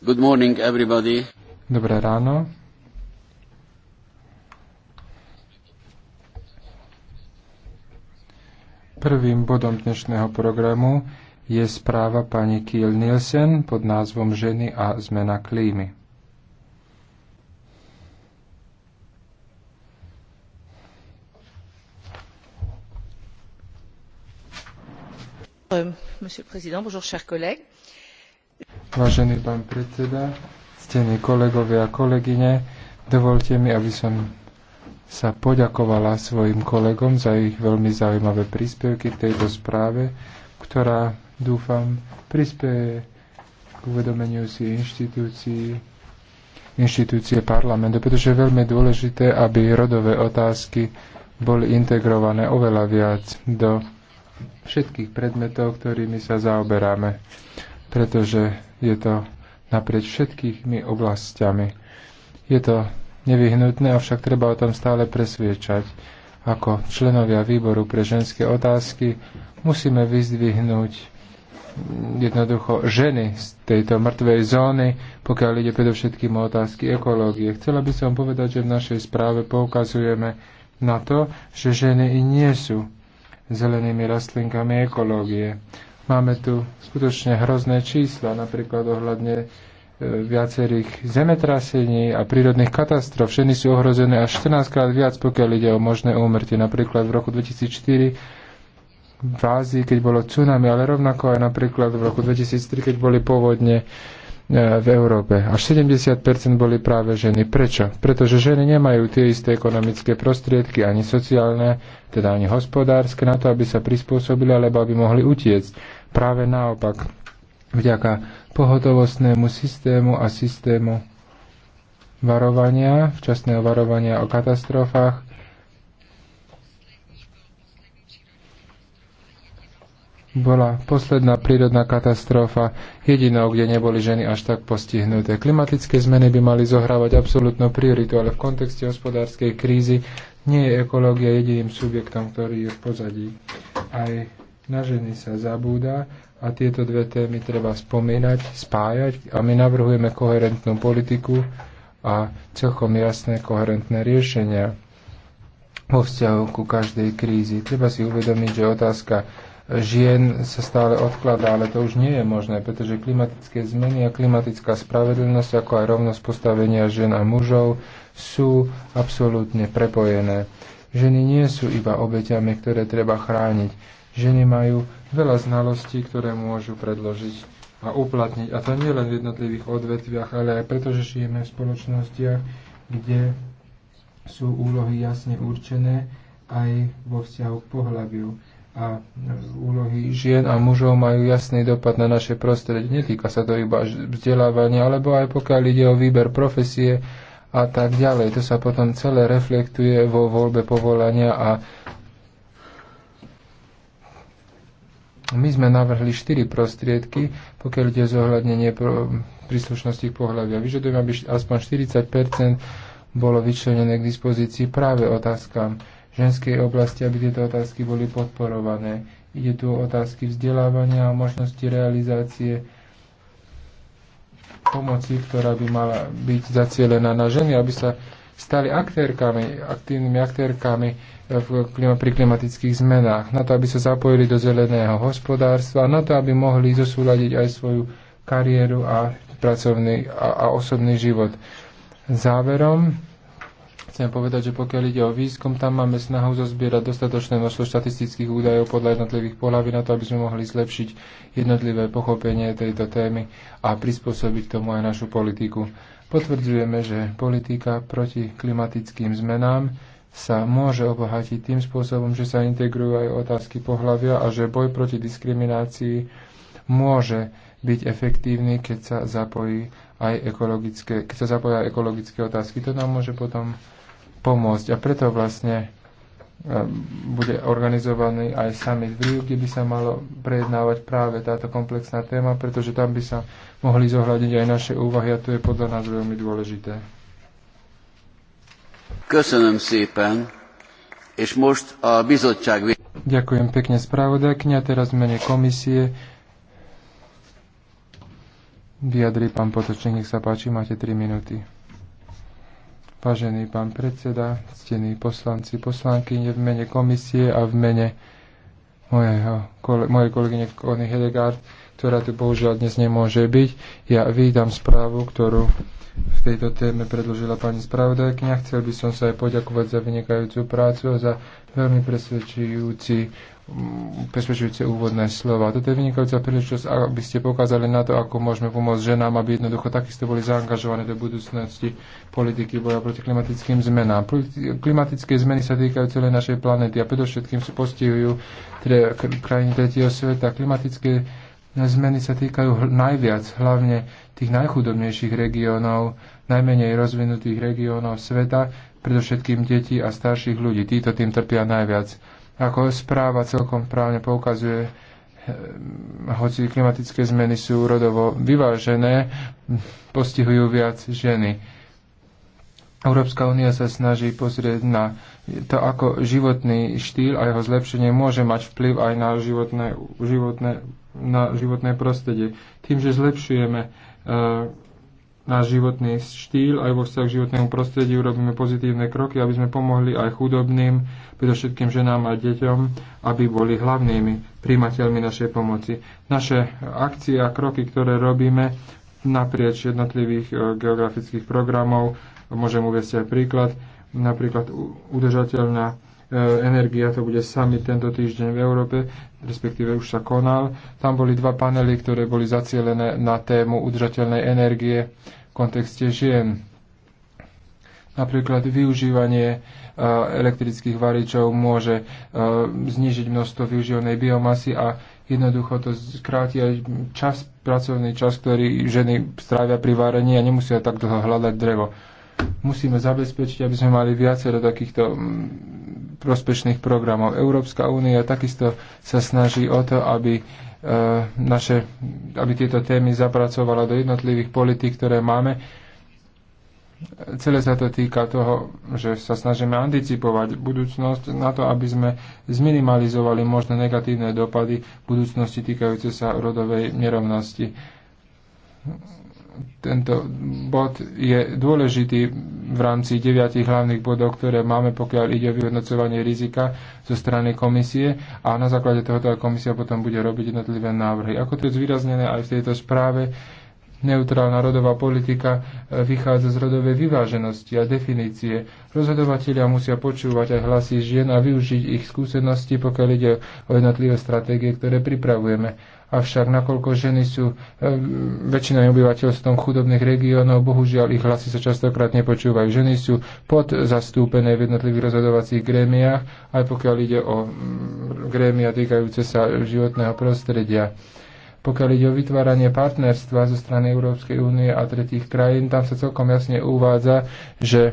Good morning, everybody. Dobré ráno. Prvým bodom dnešného programu je správa pani Kiel Nielsen pod názvom Ženy a zmena klímy. Monsieur le Président. Bonjour, chers collègues. Vážený pán predseda, ctení kolegovia a kolegyne, dovolte mi, aby som sa poďakovala svojim kolegom za ich veľmi zaujímavé príspevky k tejto správe, ktorá, dúfam, prispieje k uvedomeniu si inštitúcií inštitúcie parlamentu, pretože je veľmi dôležité, aby rodové otázky boli integrované oveľa viac do všetkých predmetov, ktorými sa zaoberáme, pretože je to naprieč všetkými oblastiami. Je to nevyhnutné, avšak treba o tom stále presviečať. Ako členovia výboru pre ženské otázky musíme vyzdvihnúť jednoducho ženy z tejto mŕtvej zóny, pokiaľ ide predovšetkým o otázky ekológie. Chcela by som povedať, že v našej správe poukazujeme na to, že ženy i nie sú zelenými rastlinkami ekológie. Máme tu skutočne hrozné čísla, napríklad ohľadne e, viacerých zemetrasení a prírodných katastrof. Ženy sú ohrozené až 14 krát viac, pokiaľ ide o možné úmrtie. Napríklad v roku 2004 v Ázii, keď bolo tsunami, ale rovnako aj napríklad v roku 2003, keď boli povodne E, v Európe. Až 70% boli práve ženy. Prečo? Pretože ženy nemajú tie isté ekonomické prostriedky, ani sociálne, teda ani hospodárske, na to, aby sa prispôsobili, alebo aby mohli utiecť. Práve naopak, vďaka pohotovostnému systému a systému varovania, včasného varovania o katastrofách, bola posledná prírodná katastrofa jedinou, kde neboli ženy až tak postihnuté. Klimatické zmeny by mali zohrávať absolútnu prioritu, ale v kontexte hospodárskej krízy nie je ekológia jediným subjektom, ktorý je v pozadí. Aj na ženy sa zabúda a tieto dve témy treba spomínať, spájať a my navrhujeme koherentnú politiku a celkom jasné koherentné riešenia vo vzťahu ku každej krízi. Treba si uvedomiť, že otázka žien sa stále odkladá, ale to už nie je možné, pretože klimatické zmeny a klimatická spravedlnosť, ako aj rovnosť postavenia žien a mužov, sú absolútne prepojené. Ženy nie sú iba obeťami, ktoré treba chrániť. Ženy majú veľa znalostí, ktoré môžu predložiť a uplatniť. A to nie len v jednotlivých odvetviach, ale aj preto, že žijeme v spoločnostiach, kde sú úlohy jasne určené aj vo vzťahu k pohľaviu a úlohy žien a mužov majú jasný dopad na naše prostredie. Netýka sa to iba vzdelávania, alebo aj pokiaľ ide o výber profesie a tak ďalej. To sa potom celé reflektuje vo voľbe povolania a my sme navrhli štyri prostriedky, pokiaľ ide o zohľadnenie príslušnosti k pohľavia. Vyžadujeme, aby aspoň 40 bolo vyčlenené k dispozícii práve otázkam ženskej oblasti, aby tieto otázky boli podporované. Ide tu o otázky vzdelávania a možnosti realizácie pomoci, ktorá by mala byť zacielená na ženy, aby sa stali aktérkami, aktívnymi aktérkami eh, v, pri klimatických zmenách, na to, aby sa zapojili do zeleného hospodárstva, na to, aby mohli zosúľadiť aj svoju kariéru a pracovný a, a osobný život. Záverom, Chcem povedať, že pokiaľ ide o výskum, tam máme snahu zozbierať dostatočné množstvo štatistických údajov podľa jednotlivých pohľaví na to, aby sme mohli zlepšiť jednotlivé pochopenie tejto témy a prispôsobiť tomu aj našu politiku. Potvrdzujeme, že politika proti klimatickým zmenám sa môže obohatiť tým spôsobom, že sa integrujú aj otázky pohľavia a že boj proti diskriminácii môže byť efektívny, keď sa zapojí aj ekologické, keď sa zapoja ekologické otázky. To nám môže potom pomôcť. A preto vlastne e, bude organizovaný aj summit v Rio, kde by sa malo prejednávať práve táto komplexná téma, pretože tam by sa mohli zohľadiť aj naše úvahy a to je podľa nás veľmi dôležité. Köszönöm szépen, és most a bizottság... Ďakujem pekne spravodajkňa, teraz v mene komisie vyjadri pán Potočník, nech sa páči, máte 3 minúty. Vážený pán predseda, ctení poslanci, poslanky, v mene komisie a v mene mojeho, kole, mojej kolegyne Kony Hedegaard, ktorá tu bohužiaľ dnes nemôže byť. Ja vítam správu, ktorú v tejto téme predložila pani spravodajkňa. Chcel by som sa aj poďakovať za vynikajúcu prácu a za veľmi presvedčujúci presvedčujúce úvodné slova. Toto je vynikajúca príležitosť, aby ste pokázali na to, ako môžeme pomôcť ženám, aby jednoducho takisto boli zaangažované do budúcnosti politiky boja proti klimatickým zmenám. Klimatické zmeny sa týkajú celej našej planéty a predovšetkým postihujú tre, krajiny tretieho sveta. Klimatické zmeny sa týkajú najviac, hlavne tých najchudobnejších regiónov, najmenej rozvinutých regiónov sveta, predovšetkým detí a starších ľudí. Títo tým trpia najviac ako správa celkom právne poukazuje, eh, hoci klimatické zmeny sú rodovo vyvážené, postihujú viac ženy. Európska únia sa snaží pozrieť na to, ako životný štýl a jeho zlepšenie môže mať vplyv aj na životné, životné, na životné prostredie. Tým, že zlepšujeme uh, náš životný štýl, aj vo vzťahu k životnému prostrediu robíme pozitívne kroky, aby sme pomohli aj chudobným, predovšetkým ženám a deťom, aby boli hlavnými príjmateľmi našej pomoci. Naše akcie a kroky, ktoré robíme naprieč jednotlivých e, geografických programov, môžem uvieť aj príklad, napríklad udržateľná E, energia, to bude sami tento týždeň v Európe, respektíve už sa konal. Tam boli dva panely, ktoré boli zacielené na tému udržateľnej energie v kontexte žien. Napríklad využívanie e, elektrických varičov môže e, znížiť množstvo využívanej biomasy a jednoducho to skráti aj čas, pracovný čas, ktorý ženy strávia pri varení a nemusia tak dlho hľadať drevo musíme zabezpečiť, aby sme mali viacero takýchto mm, prospešných programov. Európska únia takisto sa snaží o to, aby e, naše, aby tieto témy zapracovala do jednotlivých politík, ktoré máme. Celé sa to týka toho, že sa snažíme anticipovať budúcnosť na to, aby sme zminimalizovali možné negatívne dopady budúcnosti týkajúce sa rodovej nerovnosti tento bod je dôležitý v rámci deviatich hlavných bodov, ktoré máme, pokiaľ ide o vyhodnocovanie rizika zo strany komisie a na základe tohoto komisia potom bude robiť jednotlivé návrhy. Ako to je zvýraznené aj v tejto správe, Neutrálna rodová politika e, vychádza z rodovej vyváženosti a definície. Rozhodovatelia musia počúvať aj hlasy žien a využiť ich skúsenosti, pokiaľ ide o jednotlivé stratégie, ktoré pripravujeme. Avšak nakoľko ženy sú e, väčšinou obyvateľstvom chudobných regiónov, bohužiaľ ich hlasy sa častokrát nepočúvajú. Ženy sú podzastúpené v jednotlivých rozhodovacích grémiách, aj pokiaľ ide o mm, grémia týkajúce sa životného prostredia. Pokiaľ ide o vytváranie partnerstva zo strany Európskej únie a tretích krajín, tam sa celkom jasne uvádza, že e,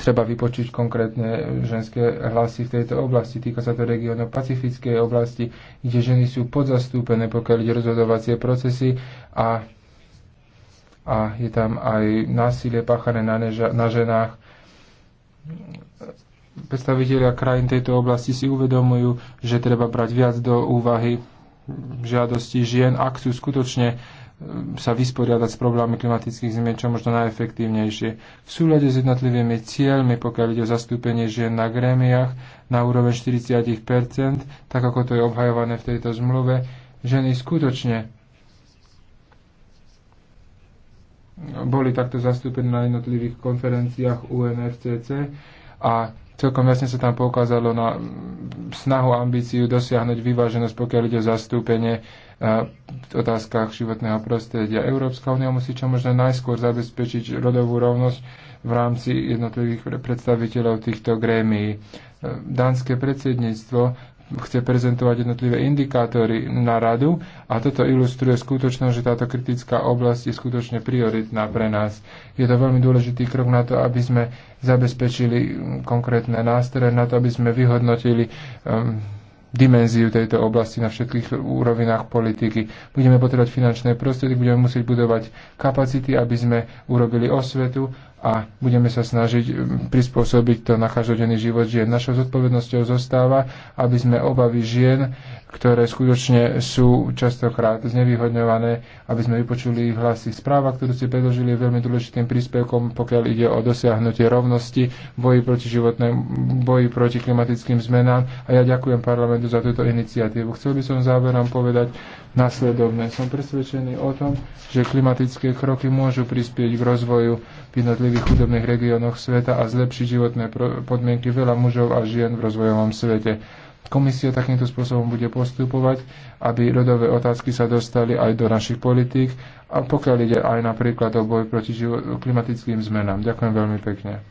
treba vypočuť konkrétne ženské hlasy v tejto oblasti. Týka sa to regiónu Pacifickej oblasti, kde ženy sú podzastúpené, pokiaľ ide rozhodovacie procesy a, a je tam aj násilie páchané na, neža, na ženách. Predstaviteľia krajín tejto oblasti si uvedomujú, že treba brať viac do úvahy žiadosti žien, ak chcú skutočne e, sa vysporiadať s problémami klimatických zmien čo možno najefektívnejšie. V súľade s jednotlivými cieľmi, pokiaľ ide o zastúpenie žien na grémiach na úroveň 40%, tak ako to je obhajované v tejto zmluve, ženy skutočne boli takto zastúpené na jednotlivých konferenciách UNFCC a Celkom jasne sa tam poukázalo na snahu, ambíciu dosiahnuť vyváženosť, pokiaľ ide o zastúpenie e, v otázkach životného prostredia. Európska únia musí čo možno najskôr zabezpečiť rodovú rovnosť v rámci jednotlivých predstaviteľov týchto grémií. E, dánske predsedníctvo chce prezentovať jednotlivé indikátory na radu a toto ilustruje skutočnosť, že táto kritická oblasť je skutočne prioritná pre nás. Je to veľmi dôležitý krok na to, aby sme zabezpečili mm, konkrétne nástroje, na to, aby sme vyhodnotili um, dimenziu tejto oblasti na všetkých úrovinách politiky. Budeme potrebovať finančné prostriedky, budeme musieť budovať kapacity, aby sme urobili osvetu a budeme sa snažiť um, prispôsobiť to na každodenný život žien. Našou zodpovednosťou zostáva, aby sme obavy žien, ktoré skutočne sú častokrát znevýhodňované, aby sme vypočuli ich hlasy. Správa, ktorú ste predložili, je veľmi dôležitým príspevkom, pokiaľ ide o dosiahnutie rovnosti, boji proti životnému, boji proti klimatickým zmenám. A ja ďakujem parlamentu za túto iniciatívu. Chcel by som záverom povedať, nasledovné. Som presvedčený o tom, že klimatické kroky môžu prispieť k rozvoju v jednotlivých chudobných regiónoch sveta a zlepšiť životné podmienky veľa mužov a žien v rozvojovom svete. Komisia takýmto spôsobom bude postupovať, aby rodové otázky sa dostali aj do našich politík a pokiaľ ide aj napríklad o boj proti život- klimatickým zmenám. Ďakujem veľmi pekne.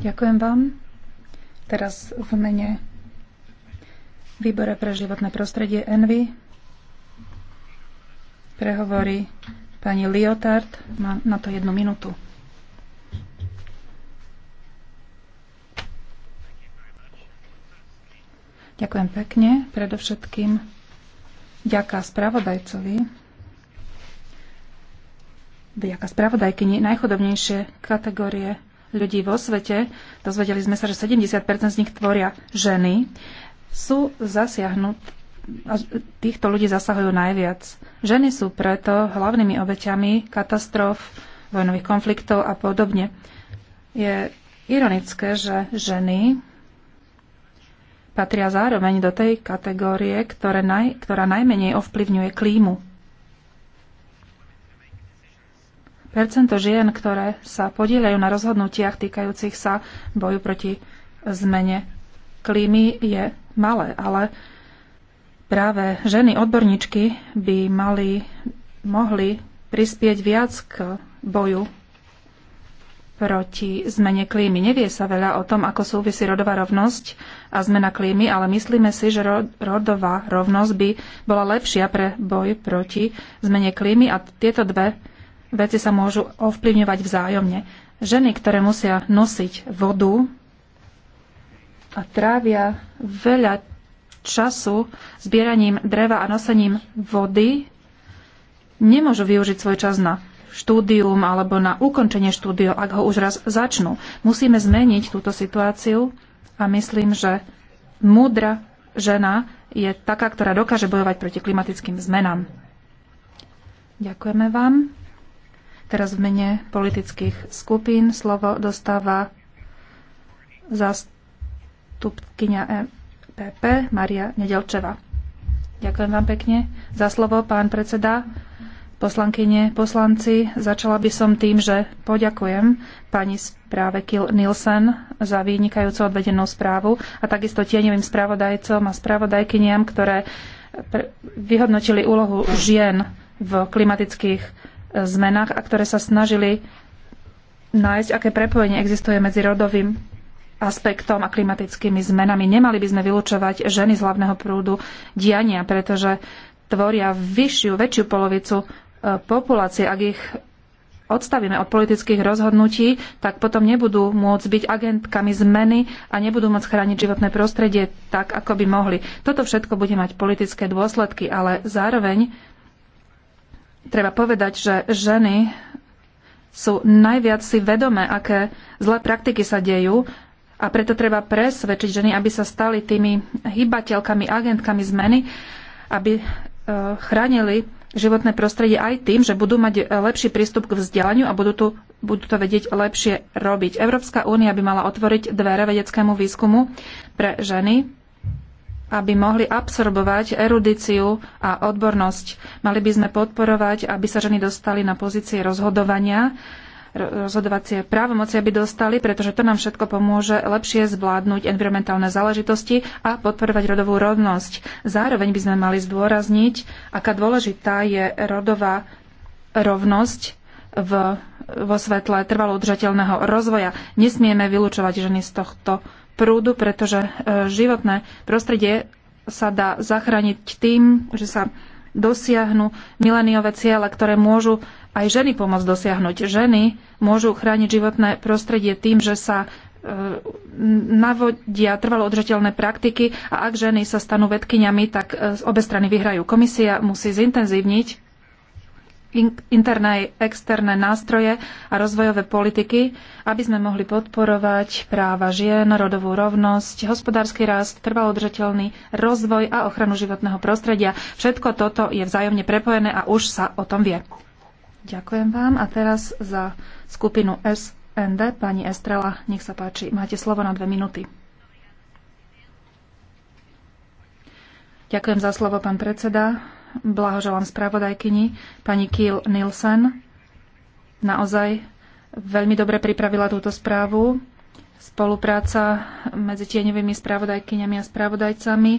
Ďakujem vám. Teraz v mene výbore pre životné prostredie Envy prehovorí pani Liotard. Má na to jednu minútu. Ďakujem pekne. Predovšetkým ďaká spravodajcovi. Ďaká spravodajkyni najchodobnejšie kategórie ľudí vo svete. Dozvedeli sme sa, že 70% z nich tvoria ženy sú zasiahnut, týchto ľudí zasahujú najviac. Ženy sú preto hlavnými obeťami katastrof, vojnových konfliktov a podobne. Je ironické, že ženy patria zároveň do tej kategórie, ktoré naj, ktorá najmenej ovplyvňuje klímu. Percento žien, ktoré sa podielajú na rozhodnutiach týkajúcich sa boju proti zmene klímy je malé, ale práve ženy odborníčky by mali, mohli prispieť viac k boju proti zmene klímy. Nevie sa veľa o tom, ako súvisí rodová rovnosť a zmena klímy, ale myslíme si, že rodová rovnosť by bola lepšia pre boj proti zmene klímy a tieto dve veci sa môžu ovplyvňovať vzájomne. Ženy, ktoré musia nosiť vodu a trávia veľa času zbieraním dreva a nosením vody, nemôžu využiť svoj čas na štúdium alebo na ukončenie štúdia, ak ho už raz začnú. Musíme zmeniť túto situáciu a myslím, že múdra žena je taká, ktorá dokáže bojovať proti klimatickým zmenám. Ďakujeme vám. Teraz v mene politických skupín slovo dostáva zástupca zástupkynia MPP e Maria Nedelčeva. Ďakujem vám pekne za slovo, pán predseda. Poslankyne, poslanci, začala by som tým, že poďakujem pani správe Kill Nielsen za vynikajúco odvedenú správu a takisto tieňovým spravodajcom a spravodajkyniam, ktoré vyhodnotili úlohu žien v klimatických e, zmenách a ktoré sa snažili nájsť, aké prepojenie existuje medzi rodovým aspektom a klimatickými zmenami. Nemali by sme vylúčovať ženy z hlavného prúdu diania, pretože tvoria vyššiu, väčšiu polovicu e, populácie. Ak ich odstavíme od politických rozhodnutí, tak potom nebudú môcť byť agentkami zmeny a nebudú môcť chrániť životné prostredie tak, ako by mohli. Toto všetko bude mať politické dôsledky, ale zároveň treba povedať, že ženy sú najviac si vedomé, aké zlé praktiky sa dejú a preto treba presvedčiť ženy, aby sa stali tými hybateľkami, agentkami zmeny, aby e, chránili životné prostredie aj tým, že budú mať lepší prístup k vzdelaniu a budú, tu, budú to vedieť lepšie robiť. Európska únia by mala otvoriť dvere vedeckému výskumu pre ženy, aby mohli absorbovať erudíciu a odbornosť. Mali by sme podporovať, aby sa ženy dostali na pozície rozhodovania rozhodovacie právomoci, aby dostali, pretože to nám všetko pomôže lepšie zvládnuť environmentálne záležitosti a podporovať rodovú rovnosť. Zároveň by sme mali zdôrazniť, aká dôležitá je rodová rovnosť v, vo svetle trvalo udržateľného rozvoja. Nesmieme vylúčovať ženy z tohto prúdu, pretože e, životné prostredie sa dá zachrániť tým, že sa dosiahnu mileniové ciele, ktoré môžu aj ženy pomôcť dosiahnuť. Ženy môžu chrániť životné prostredie tým, že sa e, navodia trvalo održateľné praktiky a ak ženy sa stanú vedkyňami, tak e, obe strany vyhrajú. Komisia musí zintenzívniť interné aj externé nástroje a rozvojové politiky, aby sme mohli podporovať práva žien, rodovú rovnosť, hospodársky rast, trvalo udržateľný rozvoj a ochranu životného prostredia. Všetko toto je vzájomne prepojené a už sa o tom vie. Ďakujem vám. A teraz za skupinu SND pani Estrela, nech sa páči. Máte slovo na dve minúty. Ďakujem za slovo, pán predseda. Blahoželám spravodajkyni pani Kiel Nielsen. Naozaj veľmi dobre pripravila túto správu. Spolupráca medzi tieňovými spravodajkyňami a spravodajcami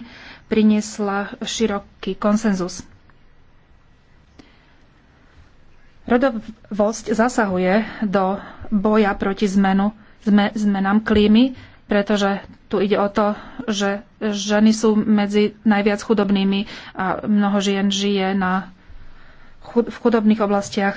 priniesla široký konsenzus. Rodovosť zasahuje do boja proti zmenu, zme, zmenám klímy, pretože tu ide o to, že ženy sú medzi najviac chudobnými a mnoho žien žije na, chud, v chudobných oblastiach,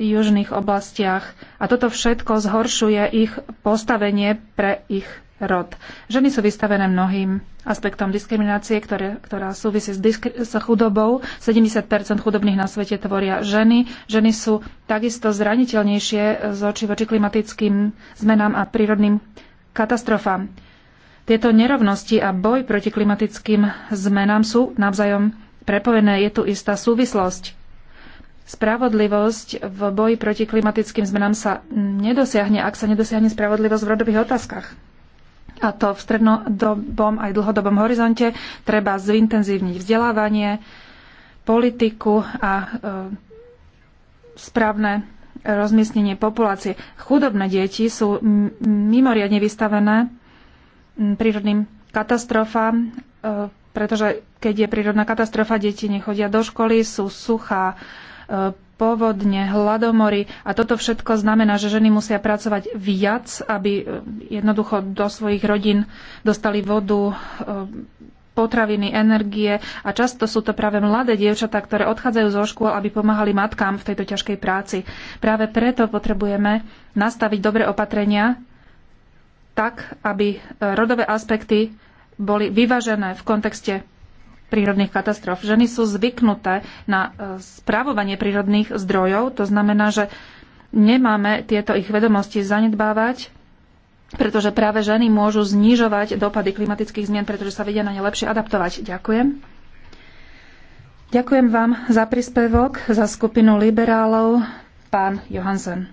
južných oblastiach a toto všetko zhoršuje ich postavenie pre ich rod. Ženy sú vystavené mnohým aspektom diskriminácie, ktoré, ktorá súvisí s, diskri- s chudobou. 70 chudobných na svete tvoria ženy. Ženy sú takisto zraniteľnejšie z oči voči klimatickým zmenám a prírodným katastrofám. Tieto nerovnosti a boj proti klimatickým zmenám sú navzájom prepojené. Je tu istá súvislosť. Spravodlivosť v boji proti klimatickým zmenám sa nedosiahne, ak sa nedosiahne spravodlivosť v rodových otázkach a to v strednodobom aj dlhodobom horizonte treba zintenzívniť vzdelávanie, politiku a e, správne rozmiestnenie populácie. Chudobné deti sú mimoriadne vystavené prírodným katastrofám, e, pretože keď je prírodná katastrofa, deti nechodia do školy, sú suchá, e, povodne, hladomory a toto všetko znamená, že ženy musia pracovať viac, aby e, jednoducho do svojich rodín dostali vodu, e, potraviny, energie a často sú to práve mladé dievčatá, ktoré odchádzajú zo škôl, aby pomáhali matkám v tejto ťažkej práci. Práve preto potrebujeme nastaviť dobré opatrenia tak, aby e, rodové aspekty boli vyvážené v kontexte prírodných katastrof. Ženy sú zvyknuté na e, správovanie prírodných zdrojov, to znamená, že nemáme tieto ich vedomosti zanedbávať, pretože práve ženy môžu znižovať dopady klimatických zmien, pretože sa vedia na ne lepšie adaptovať. Ďakujem. Ďakujem vám za príspevok, za skupinu liberálov, pán Johansen.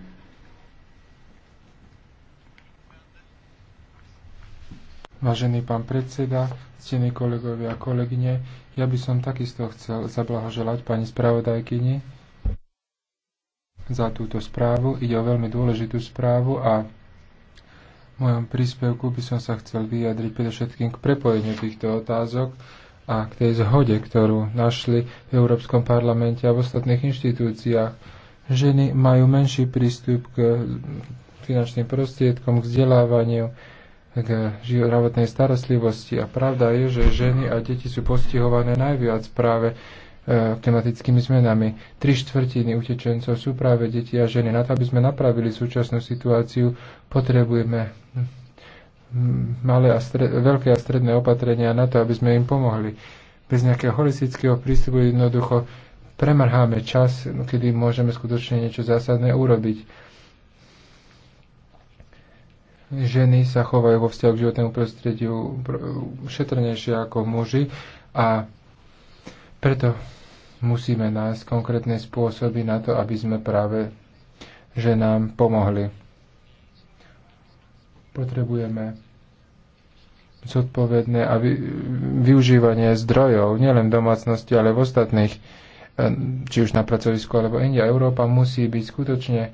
Vážený pán predseda, ctení kolegovia a kolegyne, ja by som takisto chcel zablahoželať pani spravodajkyni za túto správu. Ide o veľmi dôležitú správu a v mojom príspevku by som sa chcel vyjadriť predovšetkým k prepojeniu týchto otázok a k tej zhode, ktorú našli v Európskom parlamente a v ostatných inštitúciách. Ženy majú menší prístup k finančným prostriedkom, k vzdelávaniu, k životnej starostlivosti. A pravda je, že ženy a deti sú postihované najviac práve e, klimatickými zmenami. Tri štvrtiny utečencov sú práve deti a ženy. Na to, aby sme napravili súčasnú situáciu, potrebujeme malé a stred, veľké a stredné opatrenia na to, aby sme im pomohli. Bez nejakého holistického prístupu jednoducho premrháme čas, kedy môžeme skutočne niečo zásadné urobiť ženy sa chovajú vo vzťahu k životnému prostrediu šetrnejšie ako muži a preto musíme nájsť konkrétne spôsoby na to, aby sme práve ženám pomohli. Potrebujeme zodpovedné a využívanie zdrojov, nielen v domácnosti, ale v ostatných, e, či už na pracovisku alebo india. Európa musí byť skutočne e,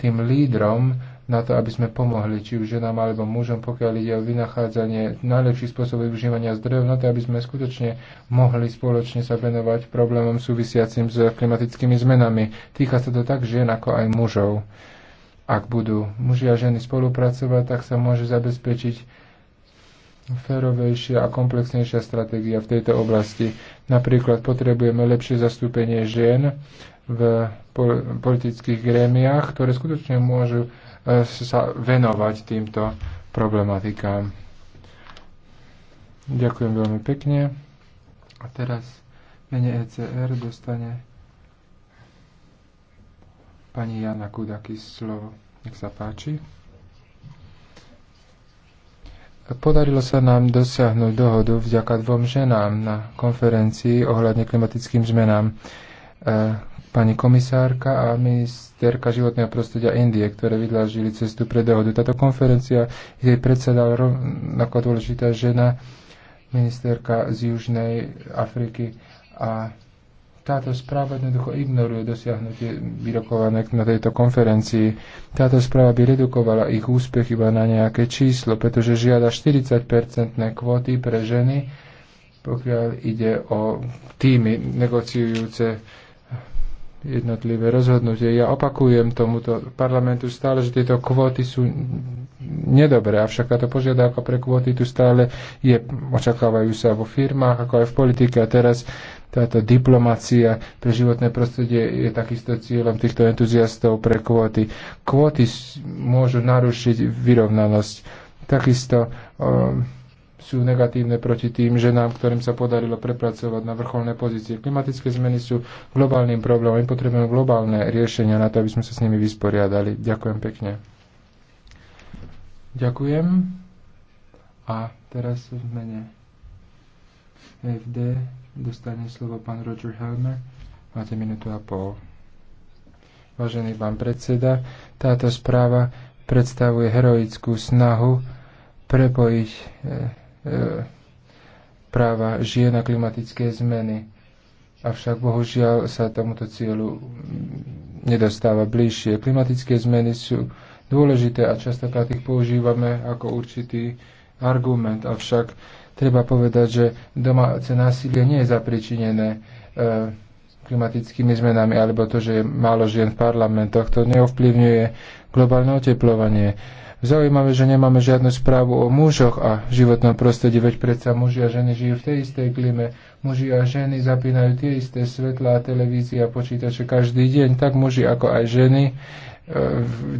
tým lídrom na to, aby sme pomohli či už ženám alebo mužom, pokiaľ ide o vynachádzanie najlepších spôsobov využívania zdrojov, na to, aby sme skutočne mohli spoločne sa venovať problémom súvisiacim s klimatickými zmenami. Týka sa to tak žien ako aj mužov. Ak budú muži a ženy spolupracovať, tak sa môže zabezpečiť férovejšia a komplexnejšia stratégia v tejto oblasti. Napríklad potrebujeme lepšie zastúpenie žien v politických grémiách, ktoré skutočne môžu e, sa venovať týmto problematikám. Ďakujem veľmi pekne. A teraz mene ECR dostane pani Jana Kudakis slovo. Nech sa páči. Podarilo sa nám dosiahnuť dohodu vďaka dvom ženám na konferencii ohľadne klimatickým zmenám e, pani komisárka a ministerka životného prostredia Indie, ktoré vydlážili cestu pre dohodu. Táto konferencia jej predsedal rovnako dôležitá žena, ministerka z Južnej Afriky a táto správa jednoducho ignoruje dosiahnutie vyrokované na tejto konferencii. Táto správa by redukovala ich úspech iba na nejaké číslo, pretože žiada 40-percentné kvóty pre ženy, pokiaľ ide o týmy negociujúce jednotlivé rozhodnutie. Ja opakujem tomuto parlamentu stále, že tieto kvóty sú nedobré, avšak táto požiadavka pre kvóty tu stále je, očakávajú sa vo firmách, ako aj v politike a teraz táto diplomacia pre životné prostredie je takisto cieľom týchto entuziastov pre kvóty. Kvóty môžu narušiť vyrovnanosť. Takisto um, sú negatívne proti tým ženám, ktorým sa podarilo prepracovať na vrcholné pozície. Klimatické zmeny sú globálnym problémom. My potrebujeme globálne riešenia na to, aby sme sa s nimi vysporiadali. Ďakujem pekne. Ďakujem. A teraz v mene FD dostane slovo pán Roger Helmer. Máte minútu a pol. Vážený pán predseda, táto správa predstavuje heroickú snahu prepojiť eh, E, práva žije na klimatické zmeny. Avšak bohužiaľ sa tomuto cieľu nedostáva bližšie. Klimatické zmeny sú dôležité a častokrát ich používame ako určitý argument. Avšak treba povedať, že domáce násilie nie je zapričinené e, klimatickými zmenami alebo to, že je málo žien v parlamentoch. To neovplyvňuje globálne oteplovanie Zaujímavé, že nemáme žiadnu správu o mužoch a životnom prostredí, veď predsa muži a ženy žijú v tej istej klime. Muži a ženy zapínajú tie isté svetlá, televízia, počítače každý deň, tak muži ako aj ženy eh,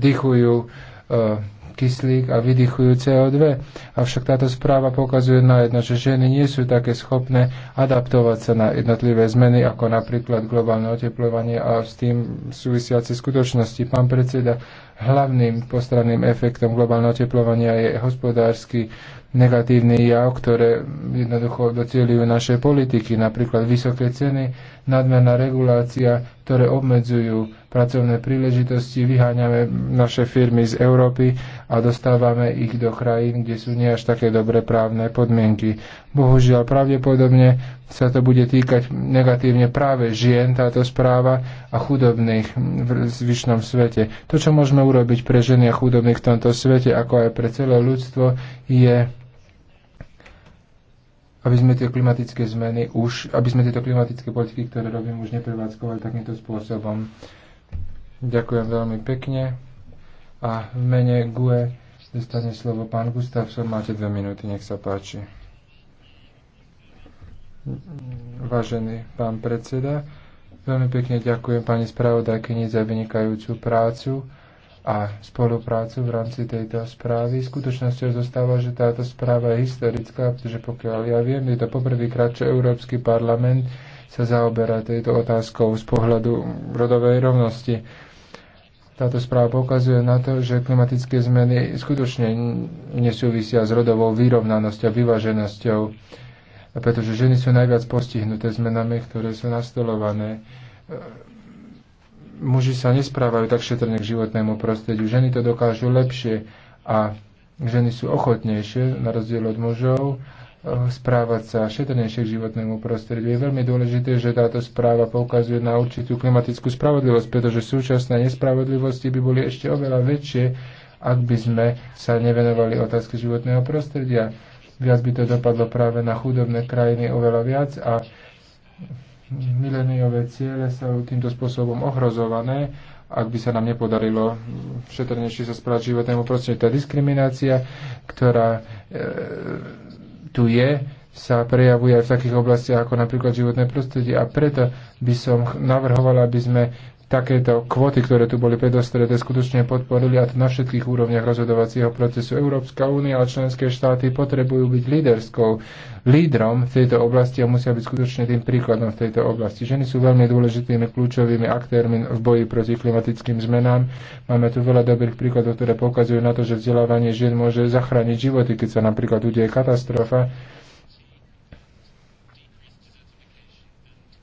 vdychujú eh, kyslík a vydychujú CO2. Avšak táto správa pokazuje na jedno, že ženy nie sú také schopné adaptovať sa na jednotlivé zmeny, ako napríklad globálne oteplovanie a s tým súvisiace skutočnosti. Pán predseda, hlavným postranným efektom globálneho oteplovania je hospodársky negatívny jav, ktoré jednoducho docielujú naše politiky, napríklad vysoké ceny, nadmerná regulácia, ktoré obmedzujú pracovné príležitosti, vyháňame naše firmy z Európy a dostávame ich do krajín, kde sú nie až také dobré právne podmienky. Bohužiaľ, pravdepodobne sa to bude týkať negatívne práve žien táto správa a chudobných v zvyšnom svete. To, čo môžeme urobiť pre ženy a chudobných v tomto svete, ako aj pre celé ľudstvo, je aby sme tie klimatické zmeny už, aby sme tieto klimatické politiky, ktoré robím, už neprevádzkovali takýmto spôsobom. Ďakujem veľmi pekne. A v mene GUE dostane slovo pán Gustavson. Máte dve minúty, nech sa páči. Vážený pán predseda, veľmi pekne ďakujem pani spravodajkyni za vynikajúcu prácu a spoluprácu v rámci tejto správy. Skutočnosťou zostáva, že táto správa je historická, pretože pokiaľ ja viem, je to poprvýkrát, čo Európsky parlament sa zaoberá tejto otázkou z pohľadu rodovej rovnosti. Táto správa pokazuje na to, že klimatické zmeny skutočne nesúvisia s rodovou vyrovnanosťou a vyváženosťou, pretože ženy sú najviac postihnuté zmenami, ktoré sú nastolované. E, muži sa nesprávajú tak šetrne k životnému prostrediu. Ženy to dokážu lepšie a ženy sú ochotnejšie, na rozdiel od mužov, správať sa šetrnejšie k životnému prostrediu. Je veľmi dôležité, že táto správa poukazuje na určitú klimatickú spravodlivosť, pretože súčasné nespravodlivosti by boli ešte oveľa väčšie, ak by sme sa nevenovali otázke životného prostredia. Viac by to dopadlo práve na chudobné krajiny oveľa viac a mileniové ciele sa týmto spôsobom ohrozované, ak by sa nám nepodarilo šetrnejšie sa správať životnému prostrediu. Tá diskriminácia, ktorá e, tu je, sa prejavuje aj v takých oblastiach ako napríklad životné prostredie a preto by som navrhovala, aby sme takéto kvoty, ktoré tu boli predostreté, skutočne podporili a to na všetkých úrovniach rozhodovacieho procesu. Európska únia a členské štáty potrebujú byť líderskou, lídrom v tejto oblasti a musia byť skutočne tým príkladom v tejto oblasti. Ženy sú veľmi dôležitými kľúčovými aktérmi v boji proti klimatickým zmenám. Máme tu veľa dobrých príkladov, ktoré poukazujú na to, že vzdelávanie žien môže zachrániť životy, keď sa napríklad udeje katastrofa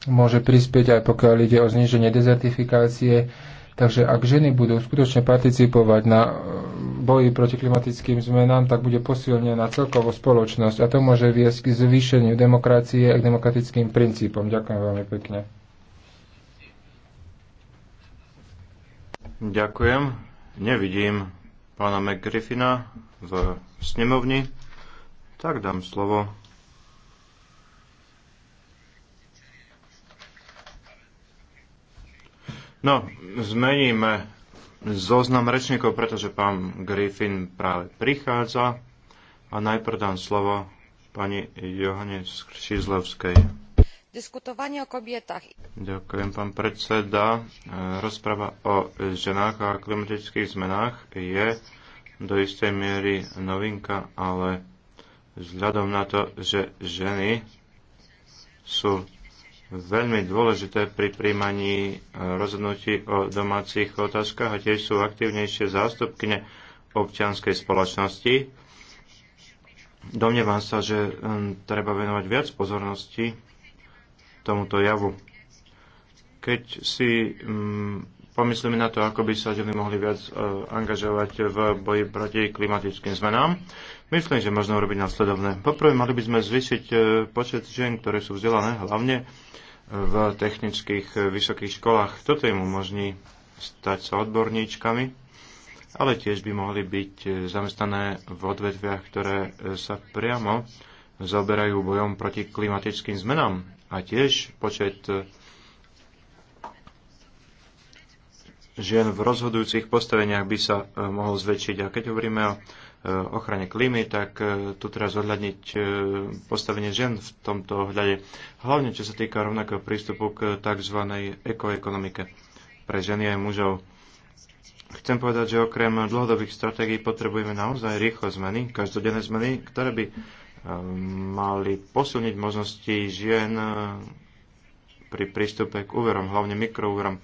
môže prispieť aj pokiaľ ide o zníženie dezertifikácie. Takže ak ženy budú skutočne participovať na e, boji proti klimatickým zmenám, tak bude posilnená celkovo spoločnosť a to môže viesť k zvýšeniu demokracie a k demokratickým princípom. Ďakujem veľmi pekne. Ďakujem. Nevidím pána McGriffina v snemovni, tak dám slovo No, zmeníme zoznam rečníkov, pretože pán Griffin práve prichádza a najprv dám slovo pani Johane Skrzyzlovskej. Diskutovanie o kobietách. Ďakujem, pán predseda. Rozprava o ženách a klimatických zmenách je do istej miery novinka, ale vzhľadom na to, že ženy sú veľmi dôležité pri príjmaní e, rozhodnutí o domácich otázkach a tiež sú aktívnejšie zástupkne občianskej spoločnosti. Domnievam sa, že e, treba venovať viac pozornosti tomuto javu. Keď si mm, pomyslíme na to, ako by sa ženy mohli viac e, angažovať v boji proti klimatickým zmenám. Myslím, že možno urobiť následovné. Poprvé, mali by sme zvýšiť počet žien, ktoré sú vzdelané, hlavne v technických eh, vysokých školách. Toto im umožní stať sa odborníčkami, ale tiež by mohli byť eh, zamestnané v odvetviach, ktoré eh, sa priamo zaoberajú bojom proti klimatickým zmenám. A tiež počet žien v rozhodujúcich postaveniach by sa mohol zväčšiť. A keď hovoríme o Eh, ochrane klímy, tak eh, tu treba zohľadniť eh, postavenie žien v tomto ohľade. Hlavne, čo sa týka rovnakého prístupu k tzv. ekoekonomike pre ženy aj mužov. Chcem povedať, že okrem dlhodobých stratégií potrebujeme naozaj rýchle zmeny, každodenné zmeny, ktoré by mali posilniť možnosti žien pri prístupe k úverom, hlavne mikroúverom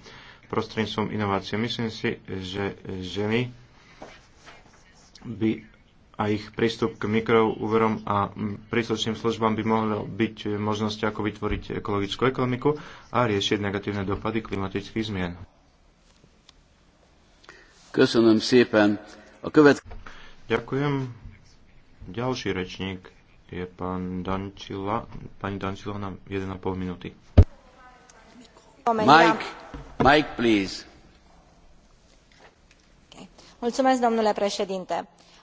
prostredníctvom inovácie. Myslím si, že ženy by a ich prístup k mikroúverom a príslušným službám by mohlo byť možnosť, ako vytvoriť ekologickú ekonomiku a riešiť negatívne dopady klimatických zmien. Ďakujem. Ďalší rečník je pán Dančila. Pani Dančila na 1,5 minúty. Mike, Mike, please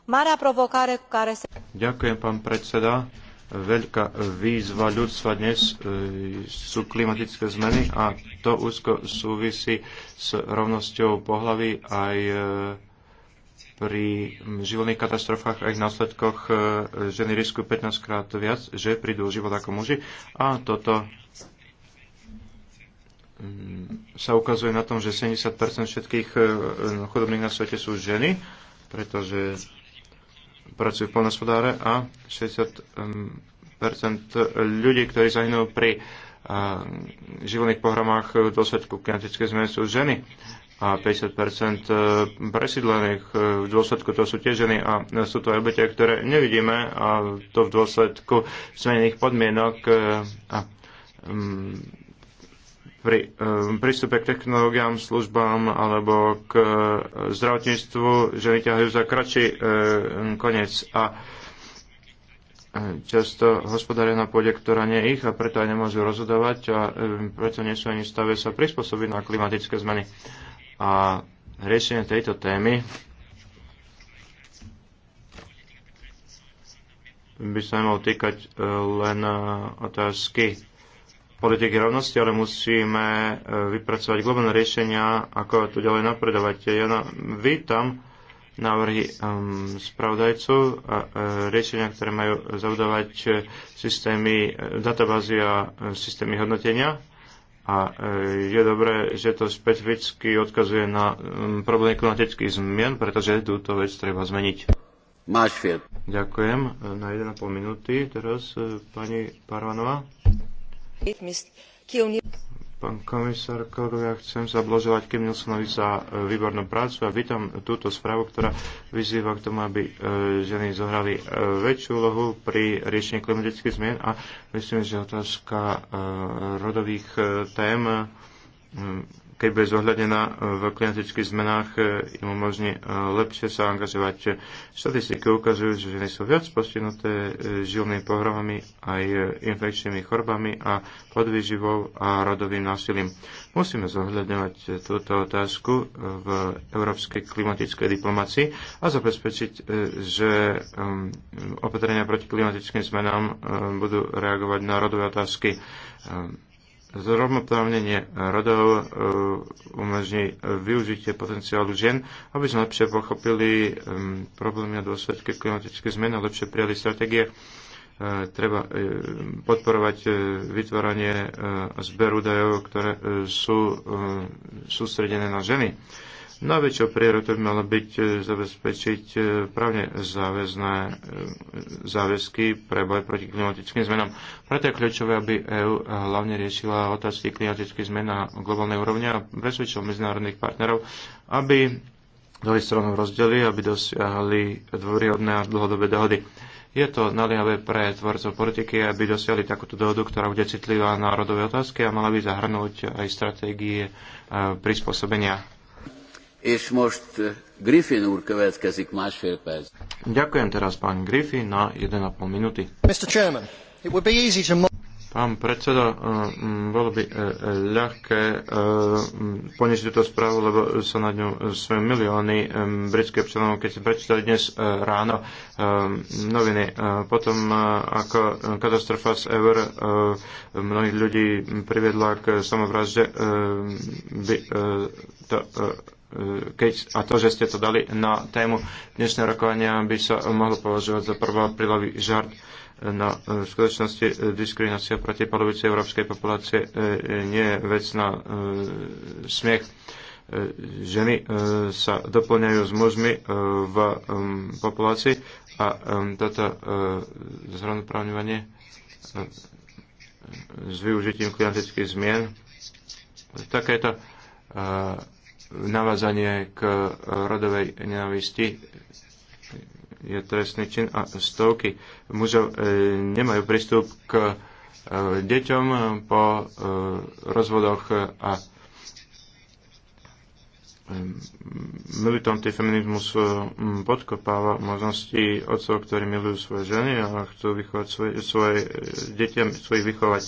marea provocare cu care se. Ďakujem, pán predseda. Veľká výzva ľudstva dnes e, sú klimatické zmeny a to úzko súvisí s rovnosťou pohlaví aj e, pri živelných katastrofách a v následkoch e, ženy riskujú 15 krát viac, že prídu o život ako muži a toto Mm, sa ukazuje na tom, že 70% všetkých e, e, chudobných na svete sú ženy, pretože pracujú polnospodáre a 60% mm, ľudí, ktorí zahynú pri e, živelných pohromách v dôsledku klimatickej zmeny sú ženy a 50% presídlených v dôsledku to sú tie ženy a sú to aj obete, ktoré nevidíme a to v dôsledku zmenených podmienok a mm, pri ehm, prístupe k technológiám, službám alebo k e, zdravotníctvu, že vyťahujú za kratší e, koniec. A e, často hospodária na pôde, ktorá nie je ich a preto aj nemôžu rozhodovať a ehm, preto nie sú ani v stave sa prispôsobiť na klimatické zmeny. A riešenie tejto témy by sa mal týkať len otázky politiky rovnosti, ale musíme e, vypracovať globálne riešenia, ako to ďalej napredovať. Ja na, vítam návrhy um, spravodajcov a e, riešenia, ktoré majú zaudávať e, systémy e, databázy a systémy hodnotenia. A je dobré, že to špecificky odkazuje na problémy klimatických zmien, pretože túto vec treba zmeniť. Máš Ďakujem. Na 1,5 minúty teraz pani Parvanova. Pán komisár Koruja, chcem sa blažovať Kim Nilsonovi za e, výbornú prácu a vítam túto správu, ktorá vyzýva k tomu, aby e, ženy zohrali e, väčšiu úlohu pri riešení klimatických zmien a myslím, že otázka rodových tém keď bude zohľadená e, v klimatických zmenách, e, im umožní e, lepšie sa angažovať. Štatistiky ukazujú, že ženy sú viac postihnuté žilnými pohromami, aj infekčnými chorobami a podvýživou a rodovým násilím. Musíme zohľadňovať túto otázku v európskej klimatickej diplomácii a zabezpečiť, že opatrenia proti klimatickým zmenám budú reagovať na rodové otázky zrovnoprávnenie rodov e, umožní využitie potenciálu žien, aby sme lepšie pochopili e, problémy a dôsledky klimatické zmeny, lepšie prijali stratégie. E, treba podporovať vytvorenie zberu údajov, ktoré sú sústredené na ženy Najväčšou prioritou by malo byť e, zabezpečiť e, právne záväzné e, záväzky pre boj proti klimatickým zmenám. Preto je kľúčové, aby EÚ hlavne riešila otázky klimatických zmen na globálnej úrovni a presvedčil medzinárodných partnerov, aby dali stranom rozdiely, aby dosiahli dôryhodné a dlhodobé dohody. Je to naliehavé pre tvorcov politiky, aby dosiahli takúto dohodu, ktorá bude citlivá národové otázky a mala by zahrnúť aj stratégie prispôsobenia És most eh, Griffin úr következik másfél perc. Ďakujem teraz pán Griffin na 1,5 minúty. Mr. Chairman, it would be easy to... Pán predseda, eh, mm, bolo by eh, ľahké poniesť túto správu, lebo sa na ňu svoje milióny britských občanov, keď si prečítali dnes ráno noviny. Potom ako katastrofa z Ever mnohých ľudí priviedla k samovražde, by to E, keď, a to, že ste to dali na tému dnešného rokovania, by sa mohlo považovať za prvá prílavý žart. na e, v skutočnosti e, diskriminácia proti polovici európskej populácie nie je vec na smiech ženy sa doplňajú s mužmi v populácii a toto zrovnoprávňovanie s využitím klimatických zmien takéto navázanie k e, rodovej nenávisti je trestný čin a stovky mužov e, nemajú prístup k e, deťom po rozvodoch a militantný feminizmus podkopáva možnosti otcov, ktorí milujú svoje ženy a chcú vychovať svoje, svoje deti a chcú ich vychovať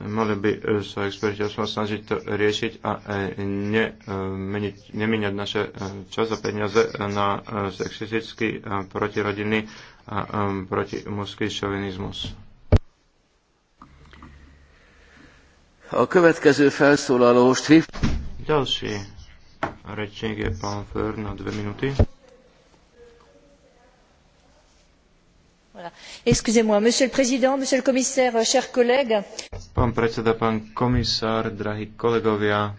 mali by e, sa experti aspoň snažiť to riešiť a e, ne, e, meniť, nemeniať naše čas a peniaze na sexistický protirodinný a protimuský šovinizmus. A következő felszólaló Ďalší rečník je pán Fer na dve minúty. Pán predseda, pán komisár, drahí kolegovia,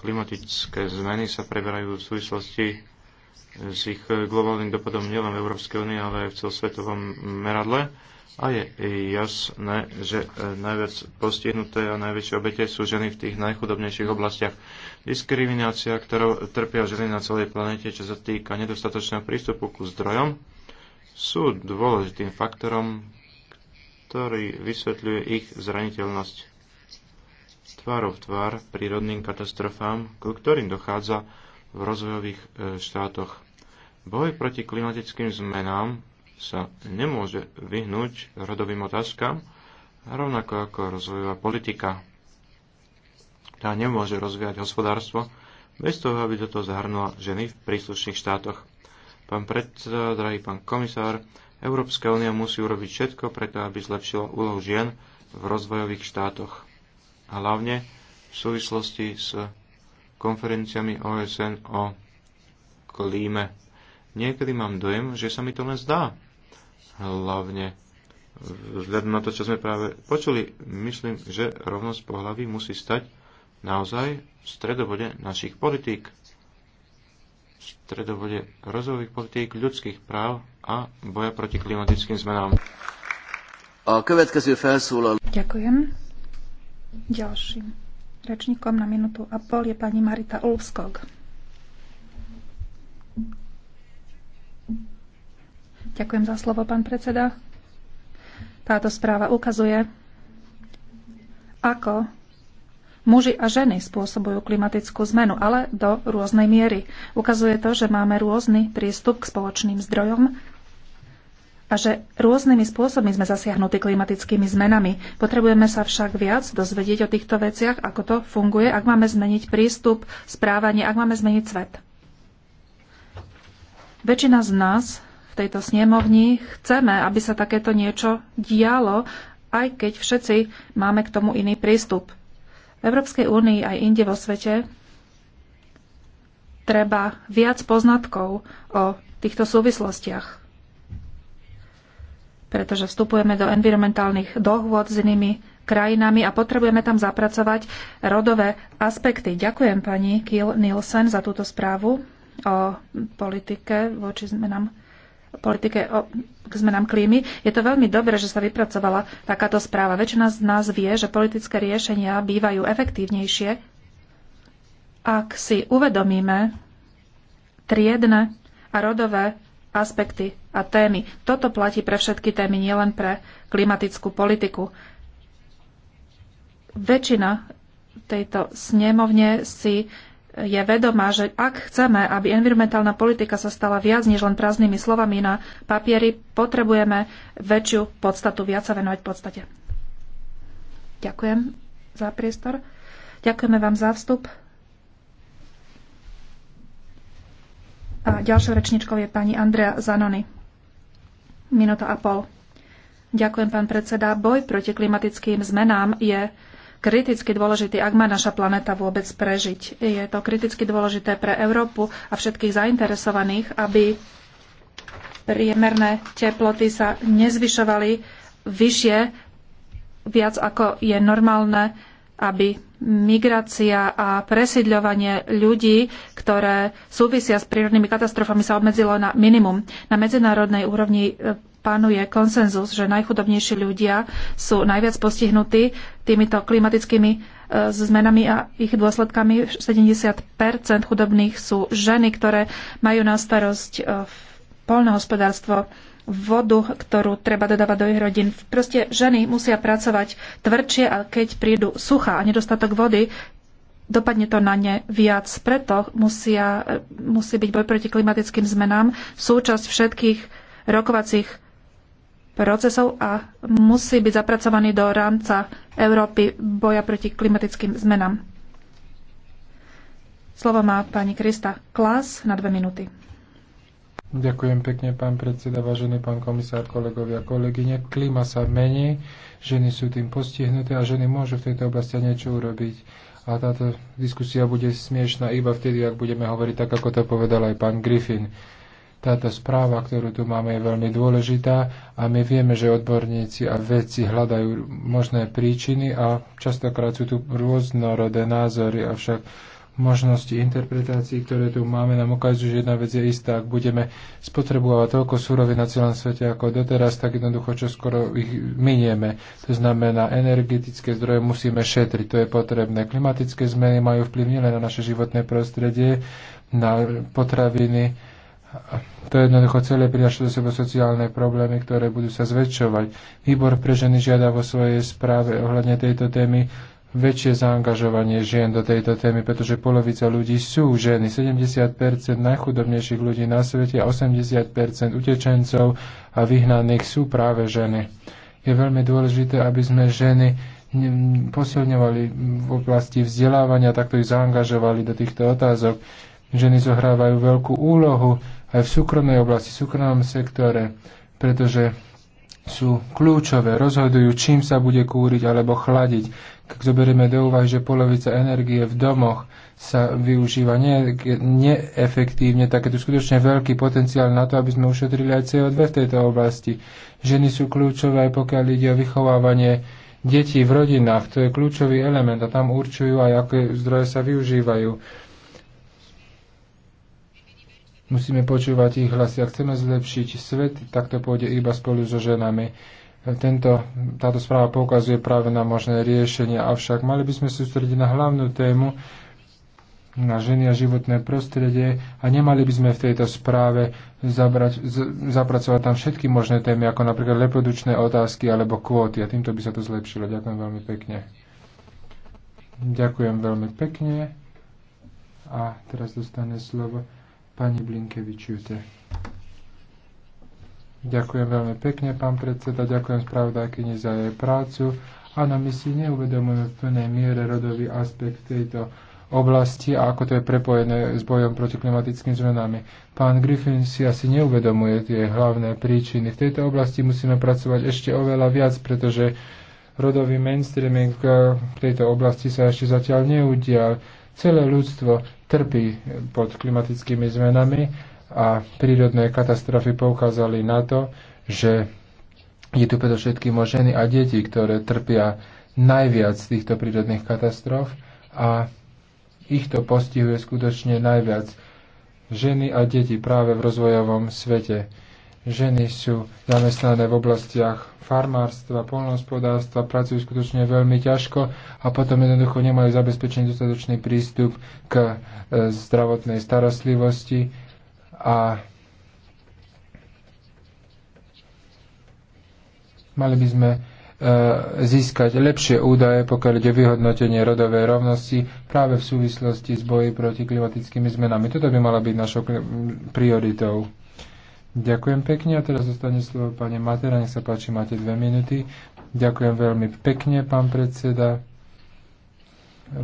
klimatické zmeny sa preberajú v súvislosti s ich globálnym dopadom nielen v Európskej únie, ale aj v celosvetovom meradle. A je jasné, že najviac postihnuté a najväčšie obete sú ženy v tých najchudobnejších oblastiach. Diskriminácia, ktorou trpia ženy na celej planete, čo sa týka nedostatočného prístupu ku zdrojom, sú dôležitým faktorom, ktorý vysvetľuje ich zraniteľnosť tvárov tvár prírodným katastrofám, ku ktorým dochádza v rozvojových e, štátoch. Boj proti klimatickým zmenám sa nemôže vyhnúť rodovým otázkam, rovnako ako rozvojová politika. Tá nemôže rozvíjať hospodárstvo bez toho, aby do toho zahrnula ženy v príslušných štátoch. Pán predseda, drahý pán komisár, Európska únia musí urobiť všetko preto, aby zlepšila úlohu žien v rozvojových štátoch. Hlavne v súvislosti s konferenciami OSN o klíme. Niekedy mám dojem, že sa mi to len zdá. Hlavne vzhľadom na to, čo sme práve počuli, myslím, že rovnosť pohlaví musí stať naozaj v stredobode našich politík, v stredobode rozvojových politík, ľudských práv a boja proti klimatickým zmenám. Ďakujem. Ďalším Rečníkom na minútu a pol je pani Marita Ulfskog. Ďakujem za slovo, pán predseda. Táto správa ukazuje, ako muži a ženy spôsobujú klimatickú zmenu, ale do rôznej miery. Ukazuje to, že máme rôzny prístup k spoločným zdrojom a že rôznymi spôsobmi sme zasiahnutí klimatickými zmenami. Potrebujeme sa však viac dozvedieť o týchto veciach, ako to funguje, ak máme zmeniť prístup, správanie, ak máme zmeniť svet. Väčšina z nás v tejto snemovni chceme, aby sa takéto niečo dialo, aj keď všetci máme k tomu iný prístup. V Európskej únii aj inde vo svete treba viac poznatkov o týchto súvislostiach pretože vstupujeme do environmentálnych dohôd s inými krajinami a potrebujeme tam zapracovať rodové aspekty. Ďakujem pani Kiel Nielsen za túto správu o politike voči zmenám politike o, k zmenám klímy. Je to veľmi dobré, že sa vypracovala takáto správa. Väčšina z nás vie, že politické riešenia bývajú efektívnejšie, ak si uvedomíme triedne a rodové aspekty a témy. Toto platí pre všetky témy, nielen pre klimatickú politiku. Väčšina tejto snemovne si je vedomá, že ak chceme, aby environmentálna politika sa stala viac než len prázdnymi slovami na papieri, potrebujeme väčšiu podstatu, viac sa venovať podstate. Ďakujem za priestor. Ďakujeme vám za vstup. A ďalšou rečničkou je pani Andrea Zanoni. Minúta a pol. Ďakujem, pán predseda. Boj proti klimatickým zmenám je kriticky dôležitý, ak má naša planéta vôbec prežiť. Je to kriticky dôležité pre Európu a všetkých zainteresovaných, aby priemerné teploty sa nezvyšovali vyššie, viac ako je normálne, aby migrácia a presídľovanie ľudí, ktoré súvisia s prírodnými katastrofami, sa obmedzilo na minimum. Na medzinárodnej úrovni e, panuje konsenzus, že najchudobnejší ľudia sú najviac postihnutí týmito klimatickými e, zmenami a ich dôsledkami. 70 chudobných sú ženy, ktoré majú na starosť e, poľnohospodárstvo vodu, ktorú treba dodávať do ich rodín. Proste ženy musia pracovať tvrdšie a keď prídu suchá a nedostatok vody, dopadne to na ne viac. Preto musia, musí byť boj proti klimatickým zmenám súčasť všetkých rokovacích procesov a musí byť zapracovaný do rámca Európy boja proti klimatickým zmenám. Slovo má pani Krista Klas na dve minúty. Ďakujem pekne, pán predseda, vážený pán komisár, kolegovia, kolegyne. Klima sa mení, ženy sú tým postihnuté a ženy môžu v tejto oblasti niečo urobiť. A táto diskusia bude smiešná iba vtedy, ak budeme hovoriť tak, ako to povedal aj pán Griffin. Táto správa, ktorú tu máme, je veľmi dôležitá a my vieme, že odborníci a vedci hľadajú možné príčiny a častokrát sú tu rôznorodé názory, avšak možnosti interpretácií, ktoré tu máme, nám ukážu, že jedna vec je istá. Ak budeme spotrebovať toľko súrovín na celom svete ako doteraz, tak jednoducho čo skoro ich minieme. To znamená, energetické zdroje musíme šetriť, to je potrebné. Klimatické zmeny majú vplyv nielen na naše životné prostredie, na potraviny. To je jednoducho celé prináša do seba sociálne problémy, ktoré budú sa zväčšovať. Výbor pre ženy žiada vo svojej správe ohľadne tejto témy väčšie zaangažovanie žien do tejto témy, pretože polovica ľudí sú ženy. 70% najchudobnejších ľudí na svete a 80% utečencov a vyhnaných sú práve ženy. Je veľmi dôležité, aby sme ženy posilňovali v oblasti vzdelávania, takto ich zaangažovali do týchto otázok. Ženy zohrávajú veľkú úlohu aj v súkromnej oblasti, v súkromnom sektore, pretože sú kľúčové, rozhodujú, čím sa bude kúriť alebo chladiť. Keď zoberieme do úvahy, že polovica energie v domoch sa využíva ne- neefektívne, tak je tu skutočne veľký potenciál na to, aby sme ušetrili aj CO2 v tejto oblasti. Ženy sú kľúčové aj pokiaľ ide o vychovávanie detí v rodinách. To je kľúčový element a tam určujú aj, aké zdroje sa využívajú Musíme počúvať ich hlasy. Ak chceme zlepšiť svet, tak to pôjde iba spolu so ženami. Tento, táto správa poukazuje práve na možné riešenia, avšak mali by sme sústrediť na hlavnú tému, na ženy a životné prostredie a nemali by sme v tejto správe zabrať, z, zapracovať tam všetky možné témy, ako napríklad reprodučné otázky alebo kvóty a týmto by sa to zlepšilo. Ďakujem veľmi pekne. Ďakujem veľmi pekne a teraz dostane slovo pani Blinkevičiute. Ďakujem veľmi pekne, pán predseda, ďakujem spravodajkyni za jej prácu. Áno, my si neuvedomujeme v plnej miere rodový aspekt tejto oblasti a ako to je prepojené s bojom proti klimatickým zmenami. Pán Griffin si asi neuvedomuje tie hlavné príčiny. V tejto oblasti musíme pracovať ešte oveľa viac, pretože rodový mainstreaming eh, v tejto oblasti sa ešte zatiaľ neudial. Celé ľudstvo trpí pod klimatickými zmenami a prírodné katastrofy poukázali na to, že je tu predovšetkým o ženy a deti, ktoré trpia najviac z týchto prírodných katastrof a ich to postihuje skutočne najviac ženy a deti práve v rozvojovom svete ženy sú zamestnané v oblastiach farmárstva, polnohospodárstva, pracujú skutočne veľmi ťažko a potom jednoducho nemajú zabezpečený dostatočný prístup k e, zdravotnej starostlivosti a mali by sme e, získať lepšie údaje, pokiaľ ide vyhodnotenie rodovej rovnosti práve v súvislosti s boji proti klimatickými zmenami. Toto by mala byť našou prioritou. Ďakujem pekne a teraz zostane slovo pani Matera. Nech sa páči, máte dve minúty. Ďakujem veľmi pekne, pán predseda.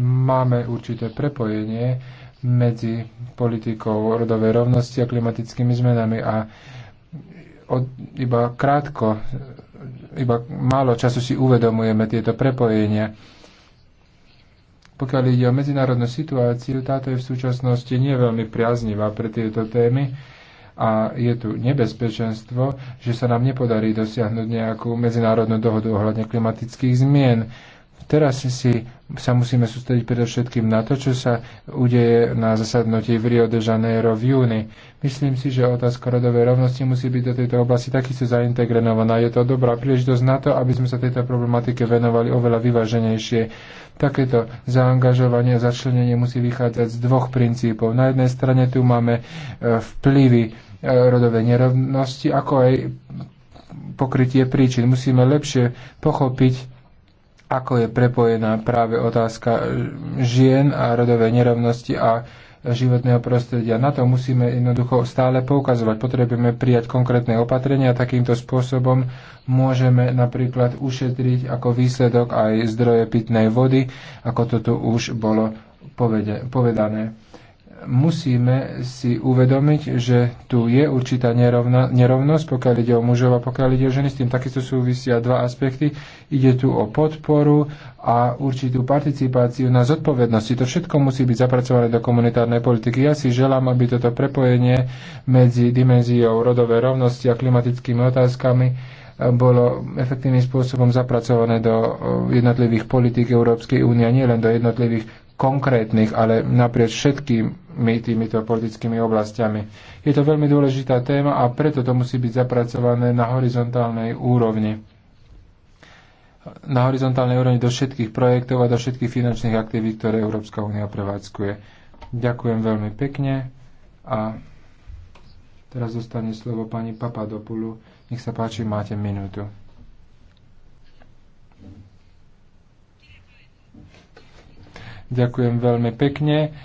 Máme určité prepojenie medzi politikou rodovej rovnosti a klimatickými zmenami a od, iba krátko, iba málo času si uvedomujeme tieto prepojenia. Pokiaľ ide o medzinárodnú situáciu, táto je v súčasnosti nie veľmi priaznivá pre tieto témy a je tu nebezpečenstvo, že sa nám nepodarí dosiahnuť nejakú medzinárodnú dohodu ohľadne klimatických zmien. Teraz si sa musíme sústrediť predovšetkým na to, čo sa udeje na zasadnutí v Rio de Janeiro v júni. Myslím si, že otázka rodovej rovnosti musí byť do tejto oblasti takisto zaintegrovaná. Je to dobrá príležitosť na to, aby sme sa tejto problematike venovali oveľa vyváženejšie. Takéto zaangažovanie a začlenenie musí vychádzať z dvoch princípov. Na jednej strane tu máme e, vplyvy E, rodové nerovnosti, ako aj pokrytie príčin. Musíme lepšie pochopiť, ako je prepojená práve otázka e, žien a rodové nerovnosti a životného prostredia. Na to musíme jednoducho stále poukazovať. Potrebujeme prijať konkrétne opatrenia a takýmto spôsobom môžeme napríklad ušetriť ako výsledok aj zdroje pitnej vody, ako to tu už bolo povedané musíme si uvedomiť, že tu je určitá nerovna, nerovnosť, pokiaľ ide o mužov a pokiaľ ide o ženy. S tým takisto súvisia dva aspekty. Ide tu o podporu a určitú participáciu na zodpovednosti. To všetko musí byť zapracované do komunitárnej politiky. Ja si želám, aby toto prepojenie medzi dimenziou rodovej rovnosti a klimatickými otázkami eh, bolo efektívnym spôsobom zapracované do eh, jednotlivých politík Európskej únie, nielen do jednotlivých konkrétnych, ale napriek všetkým my týmito politickými oblastiami. Je to veľmi dôležitá téma a preto to musí byť zapracované na horizontálnej úrovni na horizontálnej úrovni do všetkých projektov a do všetkých finančných aktivít, ktoré Európska únia prevádzkuje. Ďakujem veľmi pekne a teraz zostane slovo pani Papadopulu. Nech sa páči, máte minútu. Ďakujem veľmi pekne.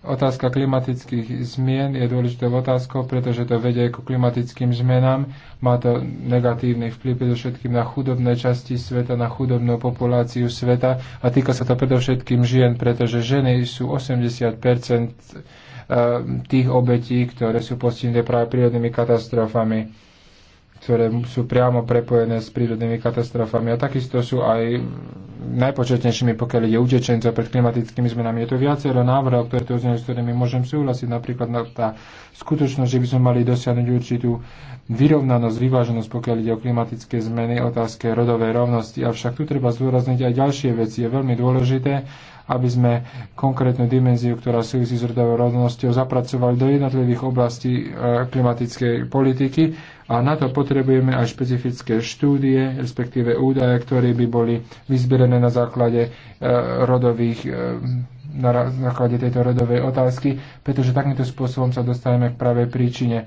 Otázka klimatických zmien je dôležitou otázkou, pretože to vedie ku klimatickým zmenám. Má to negatívny vplyv predovšetkým na chudobné časti sveta, na chudobnú populáciu sveta a týka sa to predovšetkým žien, pretože ženy sú 80 eh, tých obetí, ktoré sú postihnuté práve prírodnými katastrofami ktoré sú priamo prepojené s prírodnými katastrofami. A takisto sú aj najpočetnejšími, pokiaľ ide utečencov pred klimatickými zmenami. Je tu viacero návrhov, ktoré tu ozneli, s ktorými môžem súhlasiť. Napríklad na tá skutočnosť, že by sme mali dosiahnuť určitú vyrovnanosť, vyváženosť, pokiaľ ide o klimatické zmeny, otázke rodovej rovnosti. Avšak tu treba zdôrazniť aj ďalšie veci. Je veľmi dôležité, aby sme konkrétnu dimenziu, ktorá súvisí s rodovou rovnosťou, zapracovali do jednotlivých oblastí e, klimatickej politiky a na to potrebujeme aj špecifické štúdie, respektíve údaje, ktoré by boli vyzberené na základe e, rodových e, na základe tejto rodovej otázky, pretože takýmto spôsobom sa dostaneme k pravej príčine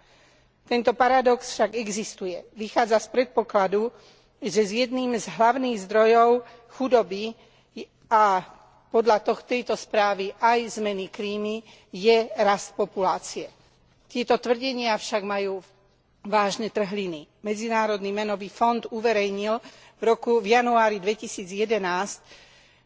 tento paradox však existuje vychádza z predpokladu že jedným z hlavných zdrojov chudoby a podľa tejto správy aj zmeny klímy je rast populácie. tieto tvrdenia však majú vážne trhliny. medzinárodný menový fond uverejnil v januári two thousand and eleven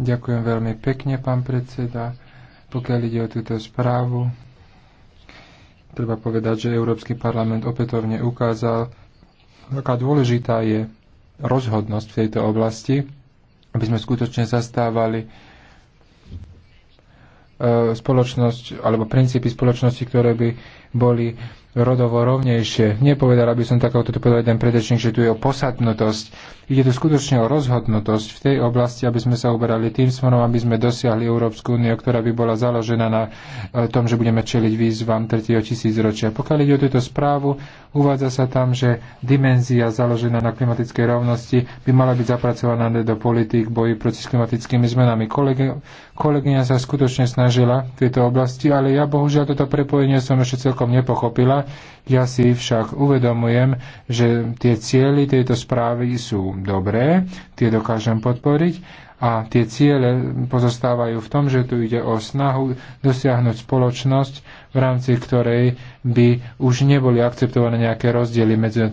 Ďakujem veľmi pekne, pán predseda. Pokiaľ ide o túto správu, treba povedať, že Európsky parlament opätovne ukázal, aká dôležitá je rozhodnosť v tejto oblasti, aby sme skutočne zastávali e, spoločnosť alebo princípy spoločnosti, ktoré by boli rodovo rovnejšie. Nepovedala by som tak, ako to povedal jeden predečník, že tu je o posadnutosť. Ide tu skutočne o rozhodnutosť v tej oblasti, aby sme sa uberali tým smerom, aby sme dosiahli Európsku úniu, ktorá by bola založená na e, tom, že budeme čeliť výzvam 3. tisícročia. Pokiaľ ide o túto správu, uvádza sa tam, že dimenzia založená na klimatickej rovnosti by mala byť zapracovaná do politik boji proti klimatickými zmenami. Kolegy, Kolegyňa sa skutočne snažila v tejto oblasti, ale ja bohužiaľ toto prepojenie som ešte celkom nepochopila. Ja si však uvedomujem, že tie cieľy tejto správy sú dobré, tie dokážem podporiť a tie ciele pozostávajú v tom, že tu ide o snahu dosiahnuť spoločnosť, v rámci ktorej by už neboli akceptované nejaké rozdiely medzi,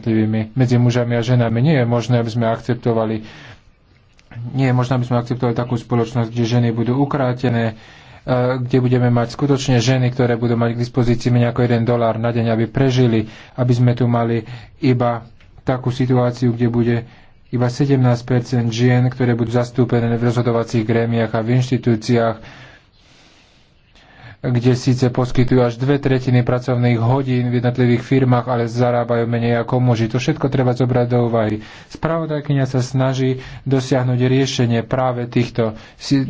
medzi mužami a ženami. Nie je možné, aby sme akceptovali nie je možné, aby sme akceptovali takú spoločnosť, kde ženy budú ukrátené, e, kde budeme mať skutočne ženy, ktoré budú mať k dispozícii menej ako jeden dolár na deň, aby prežili, aby sme tu mali iba takú situáciu, kde bude iba 17 žien, ktoré budú zastúpené v rozhodovacích grémiach a v inštitúciách, kde síce poskytujú až dve tretiny pracovných hodín v jednotlivých firmách, ale zarábajú menej ako muži. To všetko treba zobrať do úvahy. Spravodajkynia sa snaží dosiahnuť riešenie práve týchto,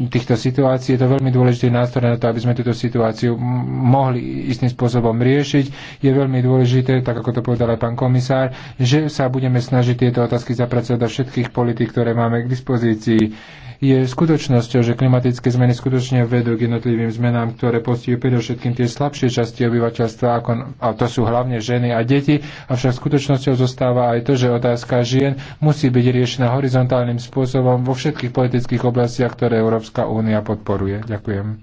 týchto situácií. Je to veľmi dôležitý nástroj na to, aby sme túto situáciu mohli istým spôsobom riešiť. Je veľmi dôležité, tak ako to povedal aj pán komisár, že sa budeme snažiť tieto otázky zapracovať do všetkých politik, ktoré máme k dispozícii je skutočnosťou, že klimatické zmeny skutočne vedú k jednotlivým zmenám, ktoré postihujú predovšetkým tie slabšie časti obyvateľstva, ako, a to sú hlavne ženy a deti, avšak skutočnosťou zostáva aj to, že otázka žien musí byť riešená horizontálnym spôsobom vo všetkých politických oblastiach, ktoré Európska únia podporuje. Ďakujem.